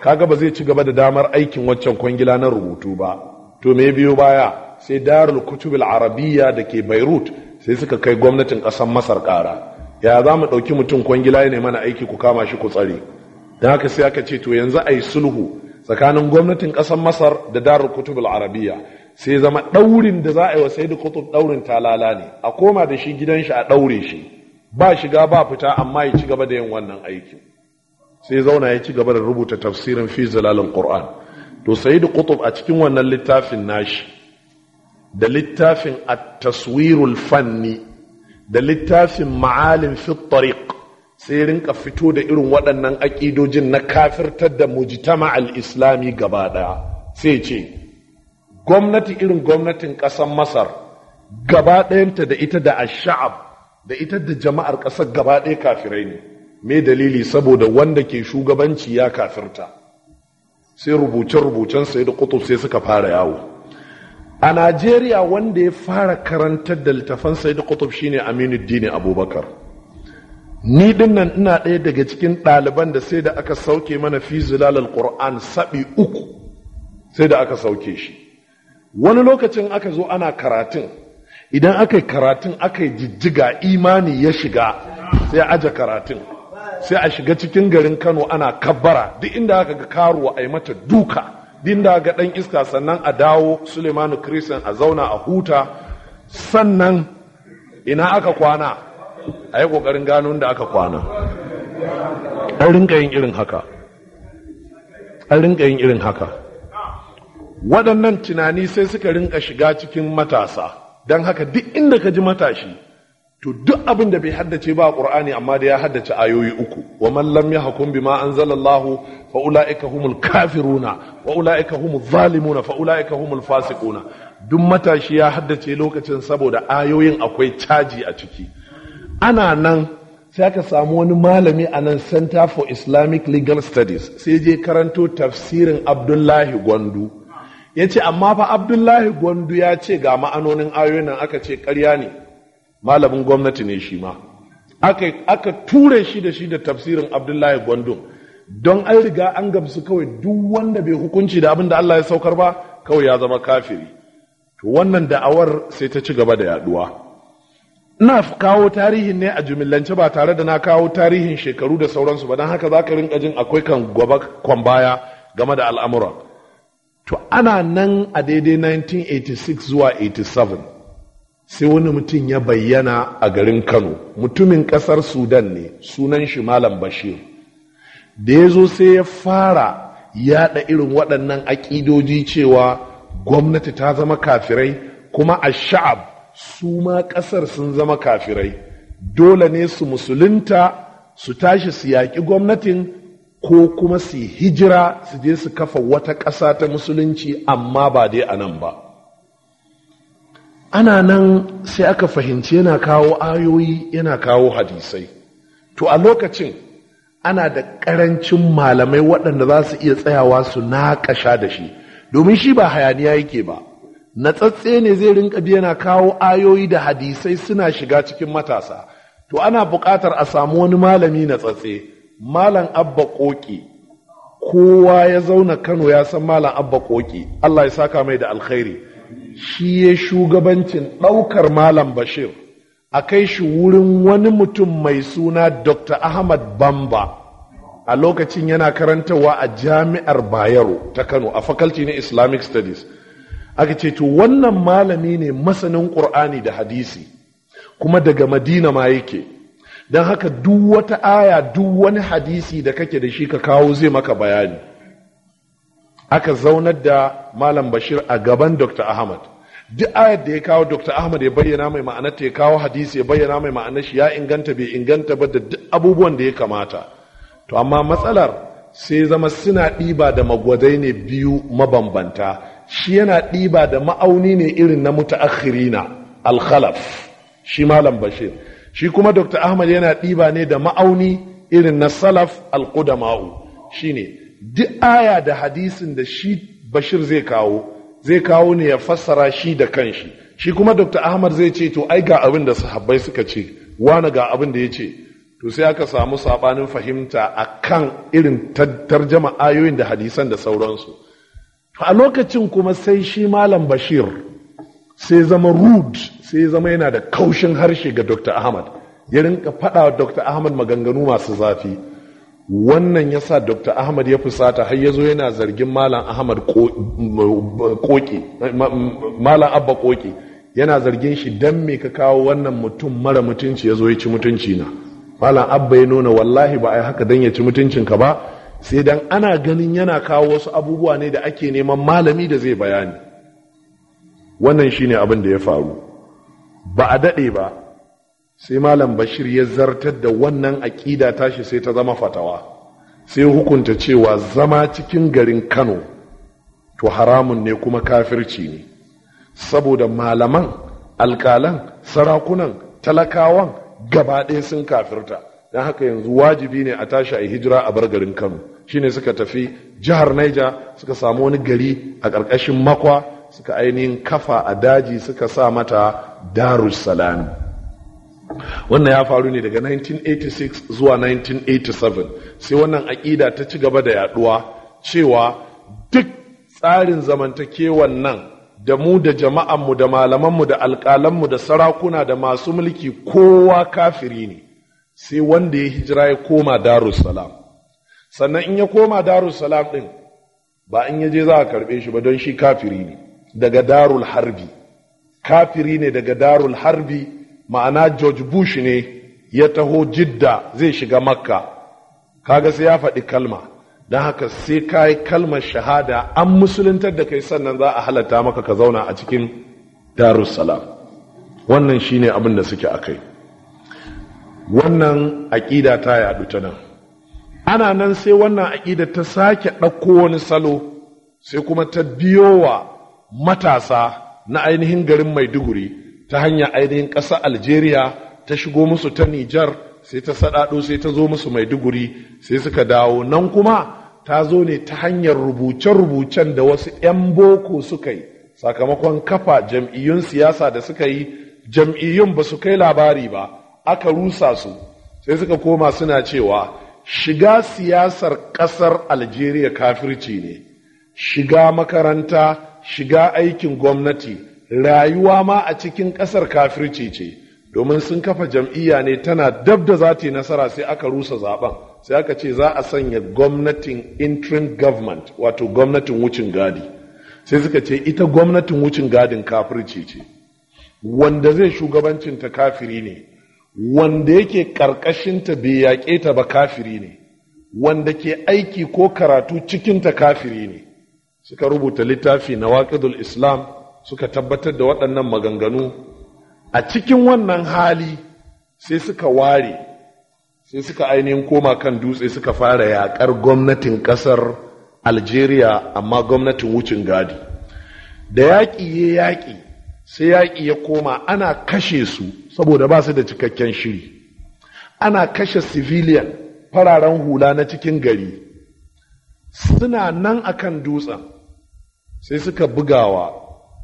kaga ba zai ci gaba da damar aikin waccan kwangila na rubutu ba to me biyo baya sai darul kutubul arabiya da ke beirut sai suka kai gwamnatin ƙasar masar ƙara ya za mu ɗauki mutum kwangila ya mana aiki ku kama shi ku tsare don haka sai aka ce to yanzu a sulhu tsakanin gwamnatin ƙasar masar da darul kutubul arabiya sai zama ɗaurin da za a yi wa sayyidu kutub ɗaurin talala ne a koma da shi gidan shi a ɗaure shi ba shiga ba fita amma ya ci gaba da yin wannan aikin sai zauna ya ci gaba da rubuta tafsirin fi zilalin qur'an to da kutub a cikin wannan littafin nashi da littafin at-taswirul fanni da littafin ma'alim fi tariq sai rinka fito da irin waɗannan aƙidojin na kafirtar da mujtama al-islami gaba ɗaya sai ce gwamnati irin gwamnatin ƙasar masar gaba ɗayanta da ita da ash'ab da ita da jama'ar ƙasar gaba ɗaya kafirai ne me dalili saboda wanda ke shugabanci ya kafirta sai rubuce-rubucen sai da kutub sai suka fara yawo a najeriya wanda ya fara karantar da littafan sai da kutub shine aminuddini abubakar ni nan ina ɗaya daga cikin ɗaliban da sai da aka sauke mana fi zilalal qur'an saɓi uku sai da aka sauke shi wani lokacin aka zo ana karatun idan aka yi karatun aka yi jijjiga imani ya shiga sai aje karatun sai a shiga cikin garin kano ana kabbara duk inda aka ga karuwa a yi mata duka duk inda ga dan iska sannan a dawo sulemanu kristian a zauna a huta sannan ina aka kwana a yi ƙoƙarin gano da aka kwana an rinka yin irin haka an rinka yin irin haka waɗannan tunani sai suka rinka shiga cikin matasa don haka duk inda ka ji matashi to duk abin da bai haddace ba a ƙur'ani amma da ya haddace ayoyi uku wa hakun bi yahkum bima anzalallahu fa ulaika humul kafiruna wa ulaika humul zalimuna fa ulaika humul fasiquna duk matashi ya haddace lokacin saboda ayoyin akwai caji a ciki ana nan sai aka samu wani malami a nan center for islamic legal studies sai je karanto tafsirin abdullahi gwandu ya ce amma fa abdullahi gwandu ya ce ga ma'anonin ayoyin nan aka ce karya ne malamin gwamnati ne shi ma aka ture shi da shi da tafsirin abdullahi gwandu don an riga an gamsu kawai duk wanda bai hukunci da abin da allah ya saukar ba kawai ya zama kafiri wannan da'awar sai ta ci gaba da yaduwa ina kawo tarihin ne a jumillance ba tare da na kawo tarihin shekaru da sauransu ba don haka za ka rinka jin akwai kan gwaba kwan baya game da al'amuran to ana nan a daidai 1986 zuwa 87 sai wani mutum ya bayyana a garin kano mutumin ƙasar sudan ne sunan shi malam bashir da ya zo sai ya fara yaɗa irin waɗannan aƙidoji cewa gwamnati ta zama kafirai kuma a sha'ab su ma ƙasar sun zama kafirai dole ne su musulunta su tashi su yaƙi gwamnatin ko kuma su hijira su je su kafa wata ƙasa ta musulunci amma ba dai a nan ba ana nan sai aka fahimci yana kawo ayoyi yana kawo hadisai to a lokacin ana da ƙarancin malamai waɗanda za su iya tsayawa su naƙasha da shi domin shi ba hayaniya yake ba natsatse ne zai rinka bi yana kawo ayoyi da hadisai suna shiga cikin matasa to ana buƙatar a samu wani malami natsatse malam abba koki kowa ya zauna kano ya san malam abba koki allah ya saka mai da alkhairi shi ya shugabancin ɗaukar malam bashir a kai shi wurin wani mutum mai suna dr ahmad bamba a lokacin yana karantarwa a jami'ar bayero ta kano a faculty na islamic studies aka ce to wannan malami ne masanin ƙur'ani da hadisi kuma daga madina ma yake don haka duk wata aya duk wani hadisi da kake da shi ka kawo zai maka bayani aka zaunar da malam bashir a gaban dr ahmad duk ayar da ya kawo dr ahmad ya bayyana mai ma'anar ta ya kawo hadisi ya bayyana mai ma'anar shi ya inganta bai inganta ba da duk abubuwan da ya kamata to amma matsalar sai zama suna ɗiba da magwadai ne biyu mabambanta shi yana ɗiba da ma'auni ne irin na mutaakhirina alkhalaf shi malam bashir shi kuma dr ahmad yana ɗiba ne da ma'auni irin na salaf alƙudama'u shine duk aya da hadisin da shi bashir zai kawo zai kawo ne ya fassara shi da kanshi shi kuma dr ahmad zai ce to ai ga abin da sahabbai suka ce wani ga abin da ya ce to sai aka samu saɓanin fahimta a kan irin tarjama ayoyin da hadisan da sauransu a lokacin kuma sai shi malam bashir sai zama rude sai zama yana da kaushin harshe ga dr ahmad ya rinka faɗa wa dr ahmad maganganu masu zafi wannan ya sa dr ahmad ya fusata har ya zo yana zargin malam ahmad Koke, malam abba koki yana zargin shi don me ka kawo wannan mutum mara mutunci ya zo ya ci mutunci na malam abba ya nuna wallahi ba a yi haka don ya ci mutuncinka ba sai dan ana ganin yana kawo wasu abubuwa ne da ake neman malami da zai bayani wannan shine abin da ya faru ba a daɗe ba sai malam bashir ya zartar da wannan aƙida tashi sai ta zama fatawa sai hukunta cewa zama cikin garin kano to haramun ne kuma kafirci ne saboda malaman alƙalan sarakunan talakawan gaba ɗaya sun kafirta don haka yanzu wajibi ne a tashi a hijira a bar garin kano shine suka tafi jihar naija suka samu wani gari a ƙarƙashin makwa suka ainihin kafa a daji suka sa mata darussalam wannan ya faru ne daga 1986 zuwa 1987 sai wannan aƙida ta ci gaba da yaduwa cewa duk tsarin zamantakewan nan da mu da jama'anmu da malamanmu da alƙalanmu da sarakuna da masu mulki kowa kafiri ne sai wanda ya hijira ya koma darussalam sannan in ya koma darussalam ɗin ba in yaje za a karɓe shi ba don shi kafiri ne daga darul harbi kafiri ne daga darul harbi ma'ana george bush ne ya taho jidda zai shiga makka kaga sai ya faɗi kalma don haka sai ka yi kalmar shahada an musuluntar da kai sannan za a halatta maka ka zauna a cikin darussalam wannan shine abin da suke a kai wannan aƙida ta yaɗu ta nan ana nan sai wannan aƙida ta sake ɗauko wani salo sai kuma ta biyowa matasa na ainihin garin Maiduguri ta hanya ainihin ƙasa Algeria ta shigo musu ta Nijar sai ta saɗaɗo sai ta zo musu Maiduguri sai suka dawo nan kuma ta zo ne ta hanyar rubuce-rubucen da wasu 'yan boko suka yi sakamakon kafa jam'iyyun siyasa da suka yi jam'iyyun ba su kai labari ba aka rusa su sai suka koma suna cewa shiga siyasar ƙasar Algeria kafirci ne shiga makaranta shiga aikin gwamnati rayuwa ma a cikin ƙasar kafirci ce domin sun kafa jam'iyya ne tana dab da za ta yi nasara sai aka rusa zaben sai aka ce za a sanya gwamnatin interim government wato gwamnatin wucin gadi sai suka ce ita gwamnatin wucin gadin kafirci ce wanda zai shugabancin ta kafiri ne wanda yake ƙarƙashinta bai yaƙe ta ba kafiri ne wanda ke aiki ko karatu cikinta kafiri ne suka rubuta littafi na waƙidul islam suka tabbatar da waɗannan maganganu a cikin wannan hali sai suka ware sai suka ainihin koma kan dutse suka fara yaƙar gwamnatin ƙasar algeria amma gwamnatin wucin gadi da yaƙi ya yaƙi sai yaƙi ya koma ana kashe su saboda ba su da cikakken shiri ana kashe civilian fararen hula na cikin gari suna nan akan dutsen sai suka bugawa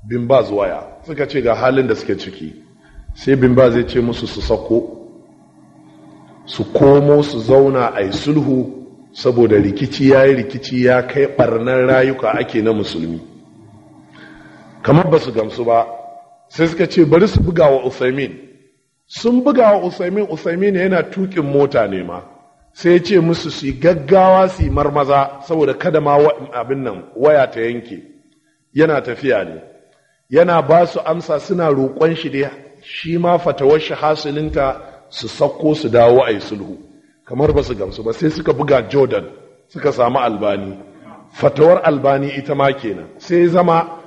bimbaz waya suka ce ga halin da suke ciki sai bimbaz ya ce musu su sako su komo su zauna a yi sulhu saboda rikici ya yi rikici ya kai ɓarnar rayuka ake na musulmi kamar ba su gamsu ba sai suka ce bari su buga wa usaimin sun buga wa usaimin usaimin yana tukin mota ne ma sai ce musu su yi gaggawa su yi marmaza saboda kada ma abin nan waya ta yanke yana tafiya ne yana ba su amsa suna roƙon shi dai shi ma fatawar shi hasilinta su sakko su dawo a yi sulhu kamar ba su gamsu ba sai suka buga jordan suka samu albani fatawar albani ita ma kenan sai zama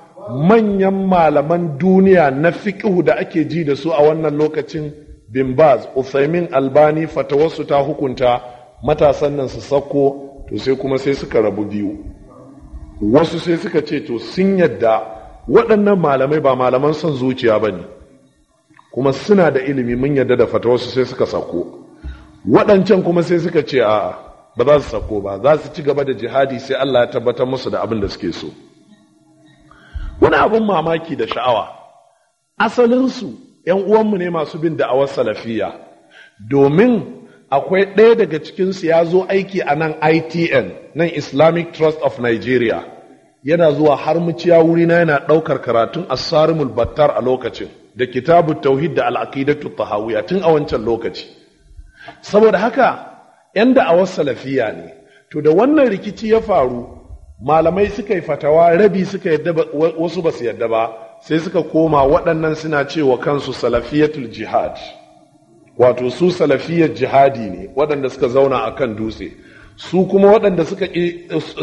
manyan malaman duniya na fiƙihu da ake ji da su a wannan lokacin bin baz uthaymin albani fatawarsu ta hukunta matasan nan su sakko to sai kuma sai suka rabu biyu wasu sai suka ce to sun yadda waɗannan malamai ba malaman son zuciya ba ne kuma suna da ilimi mun yadda da fata wasu sai suka sako waɗancan kuma sai suka ce a ba za su sako ba za su ci gaba da jihadi sai Allah ya tabbatar musu da abin da suke so wani abin mamaki da sha'awa asalinsu 'yan uwanmu ne masu bin da'awar salafiya domin akwai ɗaya daga cikinsu ya zo aiki a nan itn nan islamic trust of nigeria yana zuwa har muciya wurina yana ɗaukar karatun asarimul battar a lokacin da kitabu tauhid da al'aqidatu tahawiyya tun a wancan lokaci saboda haka yan da a salafiya ne to da wannan rikici ya faru malamai suka yi fatawa rabi suka yadda wasu ba su yadda ba sai suka koma waɗannan suna cewa kansu salafiyatul jihad wato su salafiyar jihadi ne waɗanda suka zauna a kan dutse su kuma waɗanda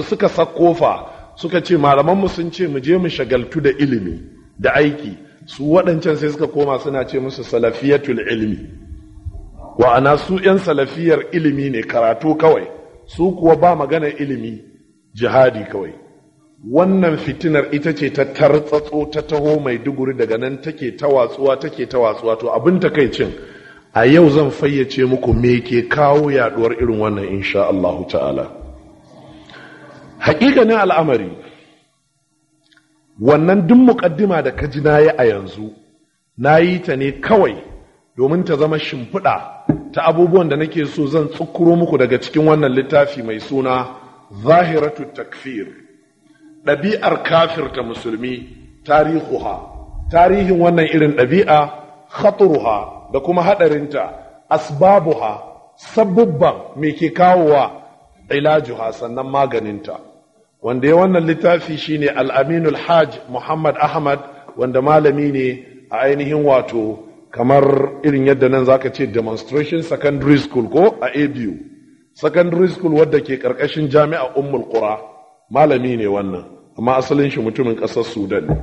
suka sakkofa suka ce malamanmu sun ce mu je mu shagaltu da ilimi da aiki su waɗancan sai suka koma suna ce musu salafiyatul ilimi wa'ana su 'yan salafiyar ilimi ne karatu kawai su kuwa ba magana ilimi jihadi kawai wannan fitinar ita ce ta tartsatso ta taho mai duguri daga nan take ta watsuwa take ta watsuwa to abin takaicin a yau zan fayyace muku me ke kawo yaduwar irin wannan insha Allah ta'ala ne al'amari wannan duk muƙaddima da ka ji na yi a yanzu na yi ta ne kawai domin ta zama shimfiɗa ta abubuwan da nake so zan tsukuro muku daga cikin wannan littafi mai suna zahiratu takfir ɗabi'ar kafir ta musulmi tarihuha tarihin wannan irin ɗabi'a khaturuha da kuma haɗarinta asbabuha sabubban me ke kawowa ilajuha sannan maganinta wanda ya wannan littafi shine al Al'aminu hajj muhammad ahmad wanda malami ne a ainihin wato kamar irin yadda nan zaka ce demonstration secondary school ko a abu secondary school wadda ke karkashin jami'a ummul qura malami ne wannan amma asalin shi mutumin ƙasar sudan ne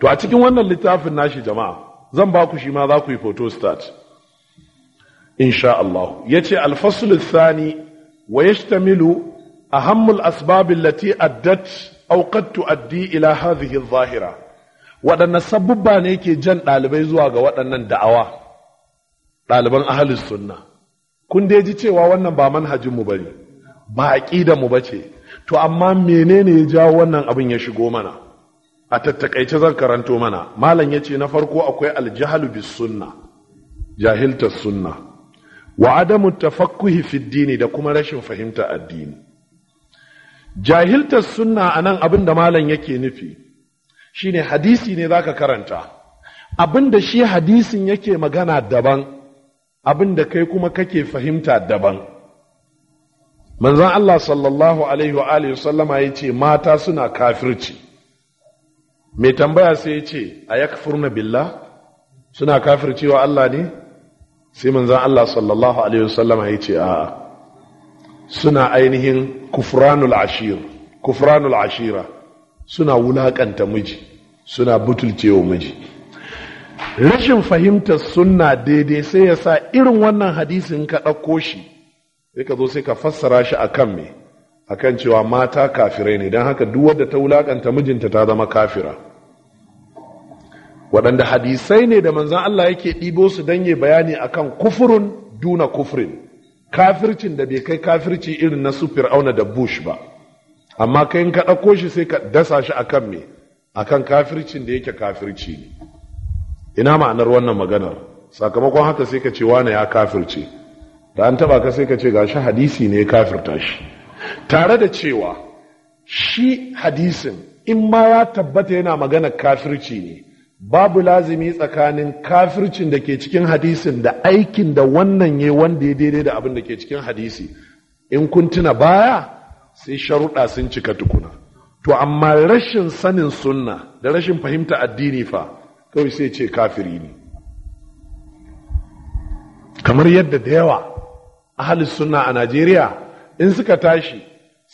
to a cikin wannan littafin nashi jama'a zan ba ku shi ma za ku yi photo start insha Allah yace al-fasl ath-thani wa yashtamilu أهم الأسباب التي أدت أو قد تؤدي إلى waɗanne sabubba ne ke jan ɗalibai zuwa ga waɗannan da'awa ɗaliban ahalus sunna kun dai ji cewa wannan ba manhajinmu ba ne ba aƙidanmu ba ce to amma menene ya jawo wannan abin ya shigo mana a tattakaice zan karanto mana malam ya ce na farko akwai aljahalu bis sunna jahiltar sunna wa adamu tafakkuhi fid da kuma rashin fahimta addini jahiltar sunna a nan abin da malam yake nufi shine hadisi ne zaka karanta abin da shi hadisin yake magana daban abin da kai kuma kake fahimta daban manzon Allah sallallahu alaihi wa alihi sallama ce mata suna kafirci mai tambaya sai ya ce a ya yakfurna billah suna kafircewa Allah ne sai manzan Allah sallallahu alaihi wasallam ya ce a suna ainihin kufranul ashir kufranul ashira suna wulakanta miji suna butulcewa miji rashin fahimtar suna daidai sai ya sa irin wannan hadisin ka ɗauko shi sai ka zo sai ka fassara shi a kan mai akan cewa mata kafirai ne don haka duk wadda ta wulaƙanta mijinta ta zama kafira waɗanda hadisai ne da manzan Allah yake ɗibo su don bayani akan kufurin duna kufurin kafircin da bai kai kafirci irin na su fir'auna da bush ba amma ka in ka ɗauko shi sai ka dasa shi akan me akan kafircin da yake kafirci ne ina ma'anar wannan maganar sakamakon haka sai ka ce wane ya kafirce da an taɓa ka sai ka ce ga shi hadisi ne ya kafirta shi tare da cewa shi hadisin in ma ya tabbata yana magana kafirci ne babu lazimi tsakanin kafircin da ke cikin hadisin da aikin da wannan ya wanda ya daidai da abin da ke cikin hadisi in kun tuna baya sai sharuɗa sun cika tukuna to amma rashin sanin sunna da rashin fahimta addini fa kawai sai ce kafiri ne kamar yadda da yawa ahalis sunna a najeriya in suka tashi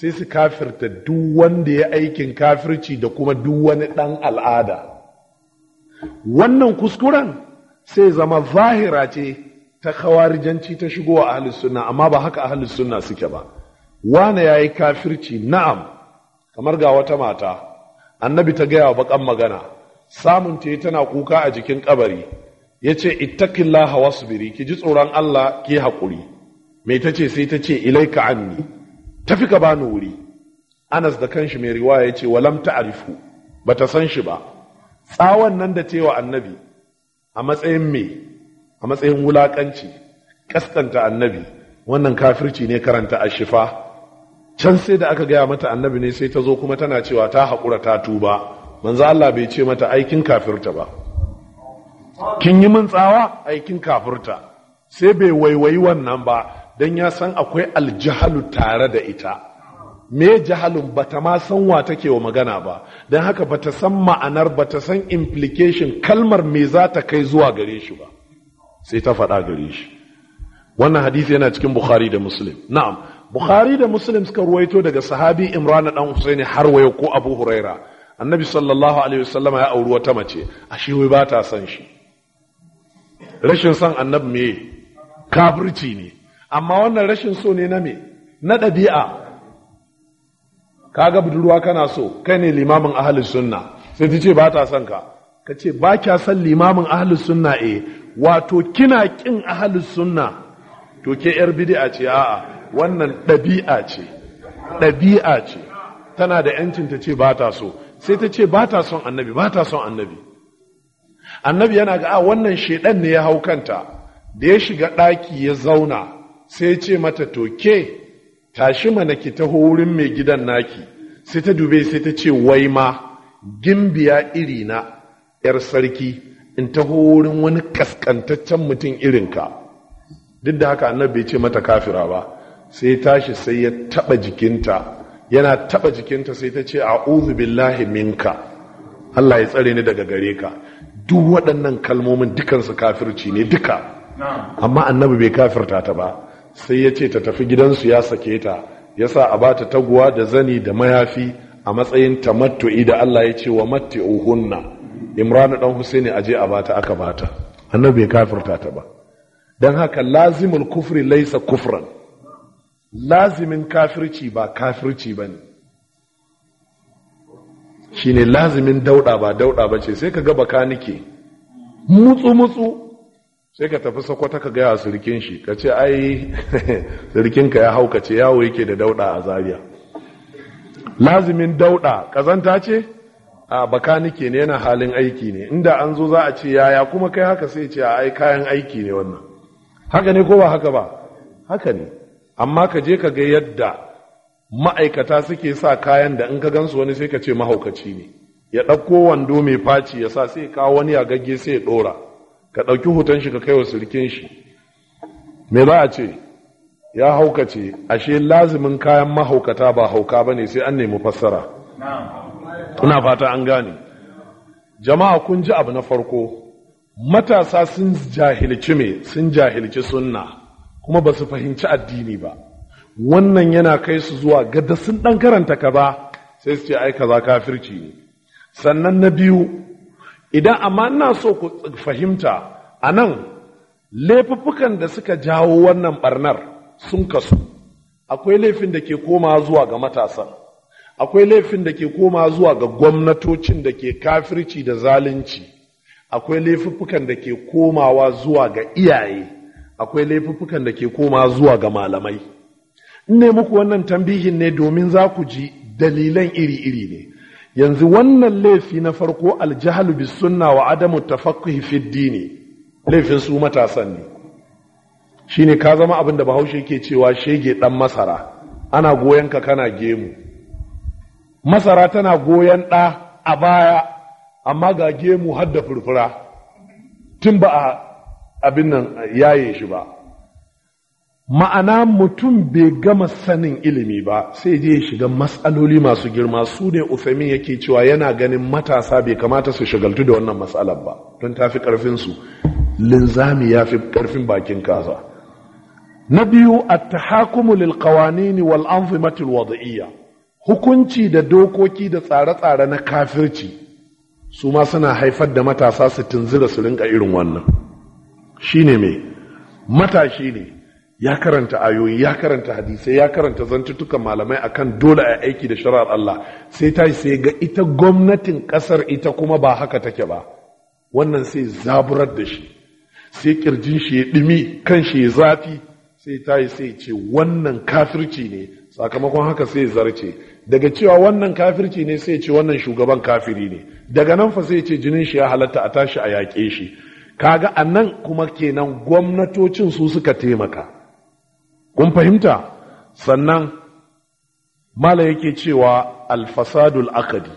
sai su kafirta duk wanda ya aikin kafirci da kuma duk wani ɗan al'ada wannan kuskuren sai zama zahira ce ta kawarjanci ta shigo a ahlus sunna amma ba haka ahlus sunna suke ba wane yi kafirci na'am kamar ga wata mata annabi ta gaya wa bakan magana samun ta tana kuka a jikin kabari yace ittaqillaha wasbiri ki ji tsoron Allah ki haƙuri me ce sai ta tace ilaika anni tafi ka bani wuri anas da kanshi mai riwaya ya ce walam ba bata san shi ba tsawon nan da cewa annabi a matsayin me a matsayin wulakanci kaskanta annabi wannan kafirci ne karanta ashifa can sai da aka gaya mata annabi ne sai ta zo kuma tana cewa ta haƙura ta tuba manzo Allah bai ce mata aikin kafirta ba kin yi min tsawa aikin kafirta sai bai waiwayi wannan ba don ya san akwai aljihalu tare da ita me jahalun ba ta ma san wa take wa magana ba don haka ba ta san ma'anar ba ta san implication kalmar me za ta kai zuwa gare shi ba sai ta faɗa gare shi wannan hadisi yana cikin bukhari da muslim na'am bukhari da muslim suka ruwaito daga sahabi imran dan husaini har waye ko abu huraira annabi sallallahu alaihi wasallama ya auri wata mace ashe wai ba ta san shi rashin san annabi me kafirci ne amma wannan rashin so ne na me na ɗabi'a kaga budurwa kana so kai ne limamin ahalus sunna sai ta ce ba ta son ka ka ce ba kya son limamin ahalus sunna eh wato kina kin ahalus sunna to ke yar bid'a ce a'a wannan ɗabi'a ce ɗabi'a ce tana da yancin ta ce ba ta so sai ta ce ba ta son annabi ba ta son annabi annabi yana ga a wannan shedan ne ya hau kanta da ya shiga ɗaki ya zauna sai ce mata toke, tashi mana ki taho wurin mai gidan naki sai ta dube sai ta ce wai ma gimbiya iri na yar sarki in taho wurin wani kaskantaccen mutum irinka duk da haka annabi bai ce mata kafira ba sai tashi sai ya taba jikinta yana taba jikinta sai ta ce a'udhu billahi minka Allah ya tsare ni daga gare ka duk waɗannan kalmomin dukansu kafirci ne duka amma annabi bai kafirta ta ba sai ya ce ta tafi gidansu ya sake ta ya sa a ba ta taguwa da zani da mayafi a matsayin tamattu'i da Allah ya ce wa matti'uhunna imranu dan husaini aje a bata aka bata annabi bai kafirta ta ba dan haka lazimul kufri laisa kufran lazimin kafirci ba kafirci bane shine lazimin dauɗa ba dauda bace sai ka ga baka nike mutsu mutsu sai ka tafi sakwata ka gaya sirkin shi ka ce ai ka ya haukace yawo yake da dauda a Zariya. lazimin dauda kazanta ce a bakanike ne yana halin aiki ne inda an zo za a ce yaya kuma kai haka sai ce ai kayan aiki ne wannan haka ne ko ba haka ba haka ne amma ka je ka ga yadda ma'aikata suke sa kayan da in ka gansu wani sai ka ce mahaukaci ne ya ɗauko wando mai faci ya sa sai kawo wani ya gagge sai ya ɗora ka ɗauki hoton shi ka kai wa shi me za a ce ya haukace ashe lazimin kayan mahaukata ba hauka ba ne sai an nemi fassara tuna fata an gane jama'a kun ji abu na farko matasa sun jahilci me sun jahilci sunna kuma ba su fahimci addini ba wannan yana kai su zuwa gada sun ɗan karanta ka ba sai su ce ai kaza kafirci ne sannan na biyu idan amma ina so ku fahimta a nan laifuffukan da suka jawo wannan barnar sun kasu akwai laifin da ke koma zuwa ga matasan akwai laifin da ke koma zuwa ga gwamnatocin da ke kafirci da zalunci akwai laifuffukan da ke komawa zuwa ga iyaye akwai laifuffukan da ke koma zuwa ga malamai In ne muku wannan tambihin ne domin za ku ji dalilan iri-iri ne yanzu wannan laifi na farko aljahalu bis sunna wa adamu tafaqquhi fi dini laifin su matasan ne shine ka zama abin da bahaushe yake cewa shege dan masara ana goyon ka kana gemu masara tana goyan ɗa a baya amma ga gemu har da furfura tun ba a abin nan yaye shi ba ma'ana mutum bai gama sanin ilimi ba sai je shiga matsaloli masu girma su ne usamin yake cewa yana ganin matasa bai kamata su shigaltu da wannan matsalar ba don ta fi karfinsu linzami ya fi ƙarfin bakin kaza na biyu at-tahakumu lilkawani ne wal anzimati hukunci da dokoki da tsare-tsare na kafirci su ma suna haifar da matasa su tunzura su rinka irin wannan shine me matashi ne ya karanta ayoyi ya karanta hadisai ya karanta zantuttukan malamai akan dole a aiki da shari'ar Allah sai ta sai ga ita gwamnatin kasar ita kuma ba haka take ba wannan sai zaburar da shi sai kirjin shi ya dimi kan shi ya zafi sai ta yi sai ce wannan kafirci ne sakamakon haka sai zarce daga cewa wannan kafirci ne sai ce wannan shugaban kafiri ne daga nan fa sai ce jinin shi ya halatta a tashi a yaƙe shi kaga nan kuma kenan gwamnatocin su suka taimaka kun fahimta sannan mala yake cewa alfasadul akadi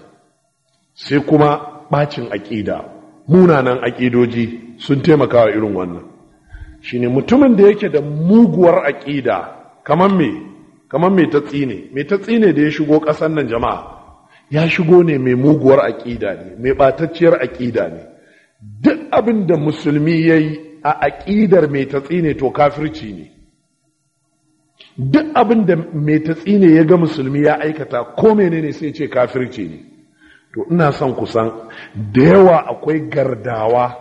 sai kuma bacin aƙida munanan aƙidoji sun taimakawa irin wannan ne mutumin da yake da muguwar aƙida kamar me kamar mai tatsi ne mai tatsi ne da ya shigo ƙasar nan jama'a ya shigo ne mai muguwar aƙida ne mai ɓatacciyar aƙida ne duk abin da musulmi ya yi a aƙidar mai tatsi ne to kafirci ne duk abin da mai tatsi ne ya ga musulmi ya aikata ko menene sai ce kafirci ne to ina son kusan da yawa akwai gardawa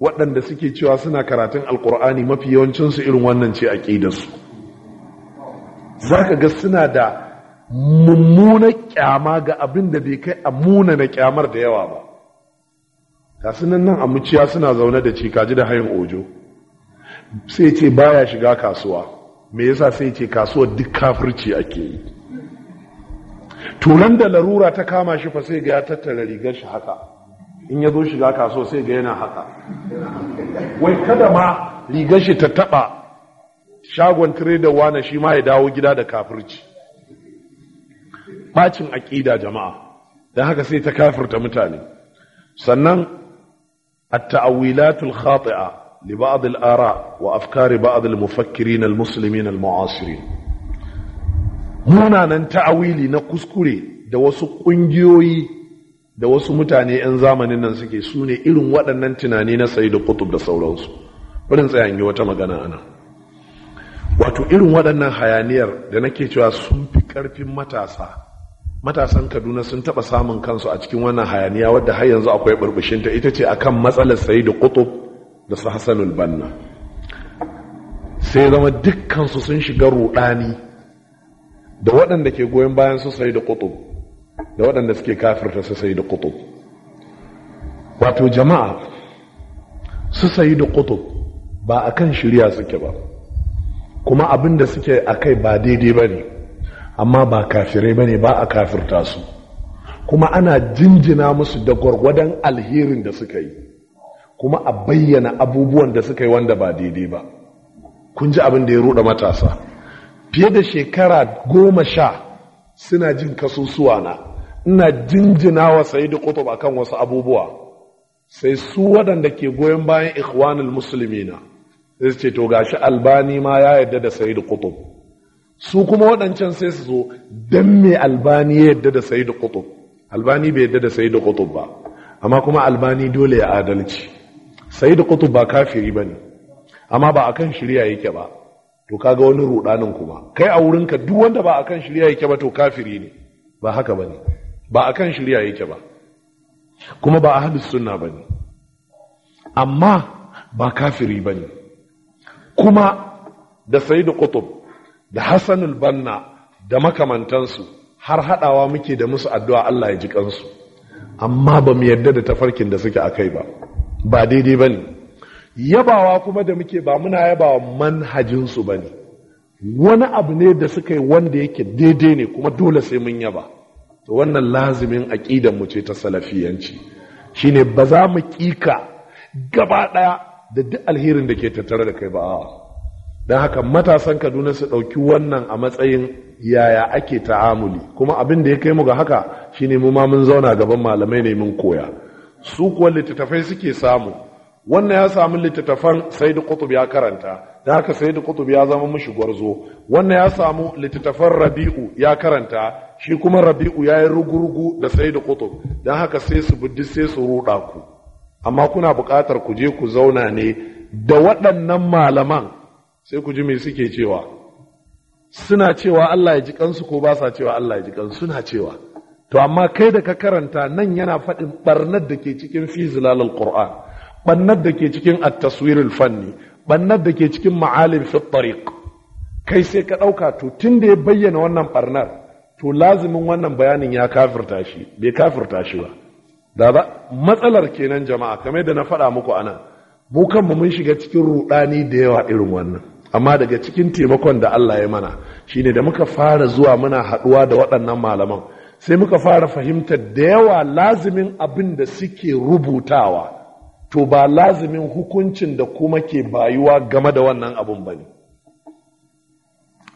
waɗanda suke cewa suna karatun alkur'ani mafi yawancinsu irin wannan ce a ƙidarsu za ka ga suna da mummuna ƙyama ga abin da bai kai a muna na kyamar da yawa ba ta sunan nan amuciya suna zaune da ci kaji da hayin ojo sai ce baya shiga kasuwa me yasa sai ce kasuwar duk kafirci ake yi turan da larura ta kama shi fa sai ga ya tattara rigar shi haka in ya zo shiga kasuwa sai ga yana haka wai kada ma rigar shi ta taba shagon da wane shi ma ya dawo gida da kafirci bacin aƙida jama'a don haka sai ta kafirta mutane sannan at-ta'awilatul khati'a لبعض الآراء وأفكار بعض المفكرين المسلمين المعاصرين munanan ta'awili na kuskure da wasu ƙungiyoyi da wasu mutane 'yan zamanin nan suke sune irin waɗannan tunani na sayi da da sauransu wadin tsayan yi wata magana ana wato irin waɗannan hayaniyar da nake cewa sun fi ƙarfin matasa matasan kaduna sun taɓa samun kansu a cikin wannan hayaniya wadda har yanzu akwai burbushinta ita ce akan matsalar sayi da da su hassanul banna sai zama dukkansu sun shiga rudani da waɗanda ke goyon bayan su sai da kutub da waɗanda suke kafirta su sai da kutub wato jama'a su sai da kutub ba a kan shirya suke ba kuma abin da suke a kai ba daidai ba ne amma ba kafirai ba ne ba a kafirta su kuma ana jinjina musu da gwargwadon alherin da suka yi kuma a bayyana abubuwan da suka yi wanda ba daidai ba kun ji abin da ya ruɗa matasa fiye da shekara goma sha suna jin kasusuwa na ina jinjina wa da kutub kan wasu abubuwa sai su waɗanda ke goyon bayan ikhwanul na sai su ce to gashi albani ma ya yadda da da kutub su kuma waɗancan sai su zo don me albani ya yadda da da kutub albani bai yadda da da kutub ba amma kuma albani dole ya adalci sai da kutub ba kafiri ba ne amma ba akan shirya yake ba to kaga wani rudanin kuma kai a wurinka duk wanda ba akan shirya yake ba to kafiri ne ba haka ba ne ba akan shirya yake ba kuma ba ahlus sunna ba ne amma ba kafiri ba ne kuma da sai da kutub da hassanul banna da makamantansu har haɗawa muke da musu addu'a Allah ya ji kansu amma ba mu yarda da tafarkin da suke a kai ba ba daidai ba ne yabawa kuma da muke ba muna yabawa manhajinsu ba ne wani abu ne da suka yi wanda yake daidai ne kuma dole sai mun yaba to wannan lazimin aƙidan mu ce ta salafiyanci Shi ne ba za mu ƙika gaba ɗaya da duk alherin da ke tattare da kai ba don haka matasan kaduna su ɗauki wannan a matsayin yaya ake ta'amuli kuma abin da ya kai mu ga haka shi ne mu ma mun zauna gaban malamai ne mun koya su kuwa littattafai suke samu wannan ya samu littattafan da kutub ya karanta da haka da kutub ya zama mashi gwarzo wannan ya samu littattafan rabi'u ya karanta shi kuma rabi'u ya yi rugurugu da da kutub dan haka sai su buddi sai su ruɗa ku amma kuna buƙatar ku je ku zauna ne da waɗannan malaman sai ku ji me suke cewa suna cewa Allah ya ji kansu ko ba sa cewa Allah ya ji kansu suna cewa to amma kai da ka karanta nan yana faɗin ɓarnar da ke cikin fi zilalar qur'an ɓannar da ke cikin at-taswirul fanni ɓarnar da ke cikin ma'alim fi tariq kai sai ka ɗauka to tun da ya bayyana wannan ɓarnar to lazimin wannan bayanin ya kafirta shi bai kafirta shi ba da ba matsalar kenan jama'a kamar da na faɗa muku anan mu kanmu mun shiga cikin ruɗani da yawa irin wannan amma daga cikin taimakon da Allah ya mana shine da muka fara zuwa muna haɗuwa da waɗannan malaman sai muka fara fahimtar da yawa lazimin abin da suke rubutawa to ba lazimin hukuncin da kuma ke bayuwa game da wannan abin ba ne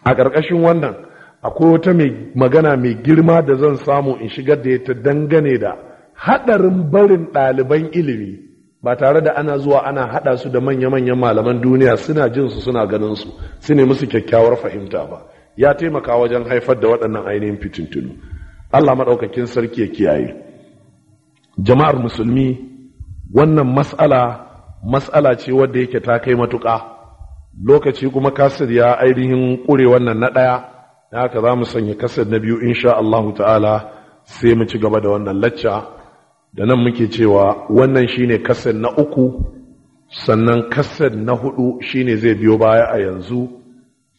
a ƙarƙashin wannan akwai wata magana mai girma da zan samu in shigar da ya ta dangane da haɗarin barin ɗaliban ilimi ba tare da ana zuwa ana haɗa su da manya-manyan malaman duniya suna jin su suna ganin su su ne musu kyakkyawar fahimta ba ya taimaka wajen haifar da waɗannan ainihin fitintunu Allah maɗaukakin sarki ya kiyaye jama'ar musulmi wannan mas'ala mas'ala ce wadda yake ta kai matuka. lokaci kuma kasir ya ainihin ƙure wannan na ɗaya da haka za mu sanya kasir na biyu insha Allahu ta'ala sai mu ci gaba da wannan lacca da nan muke cewa wannan shine kasir na uku sannan kasir na hudu shine zai biyo baya a yanzu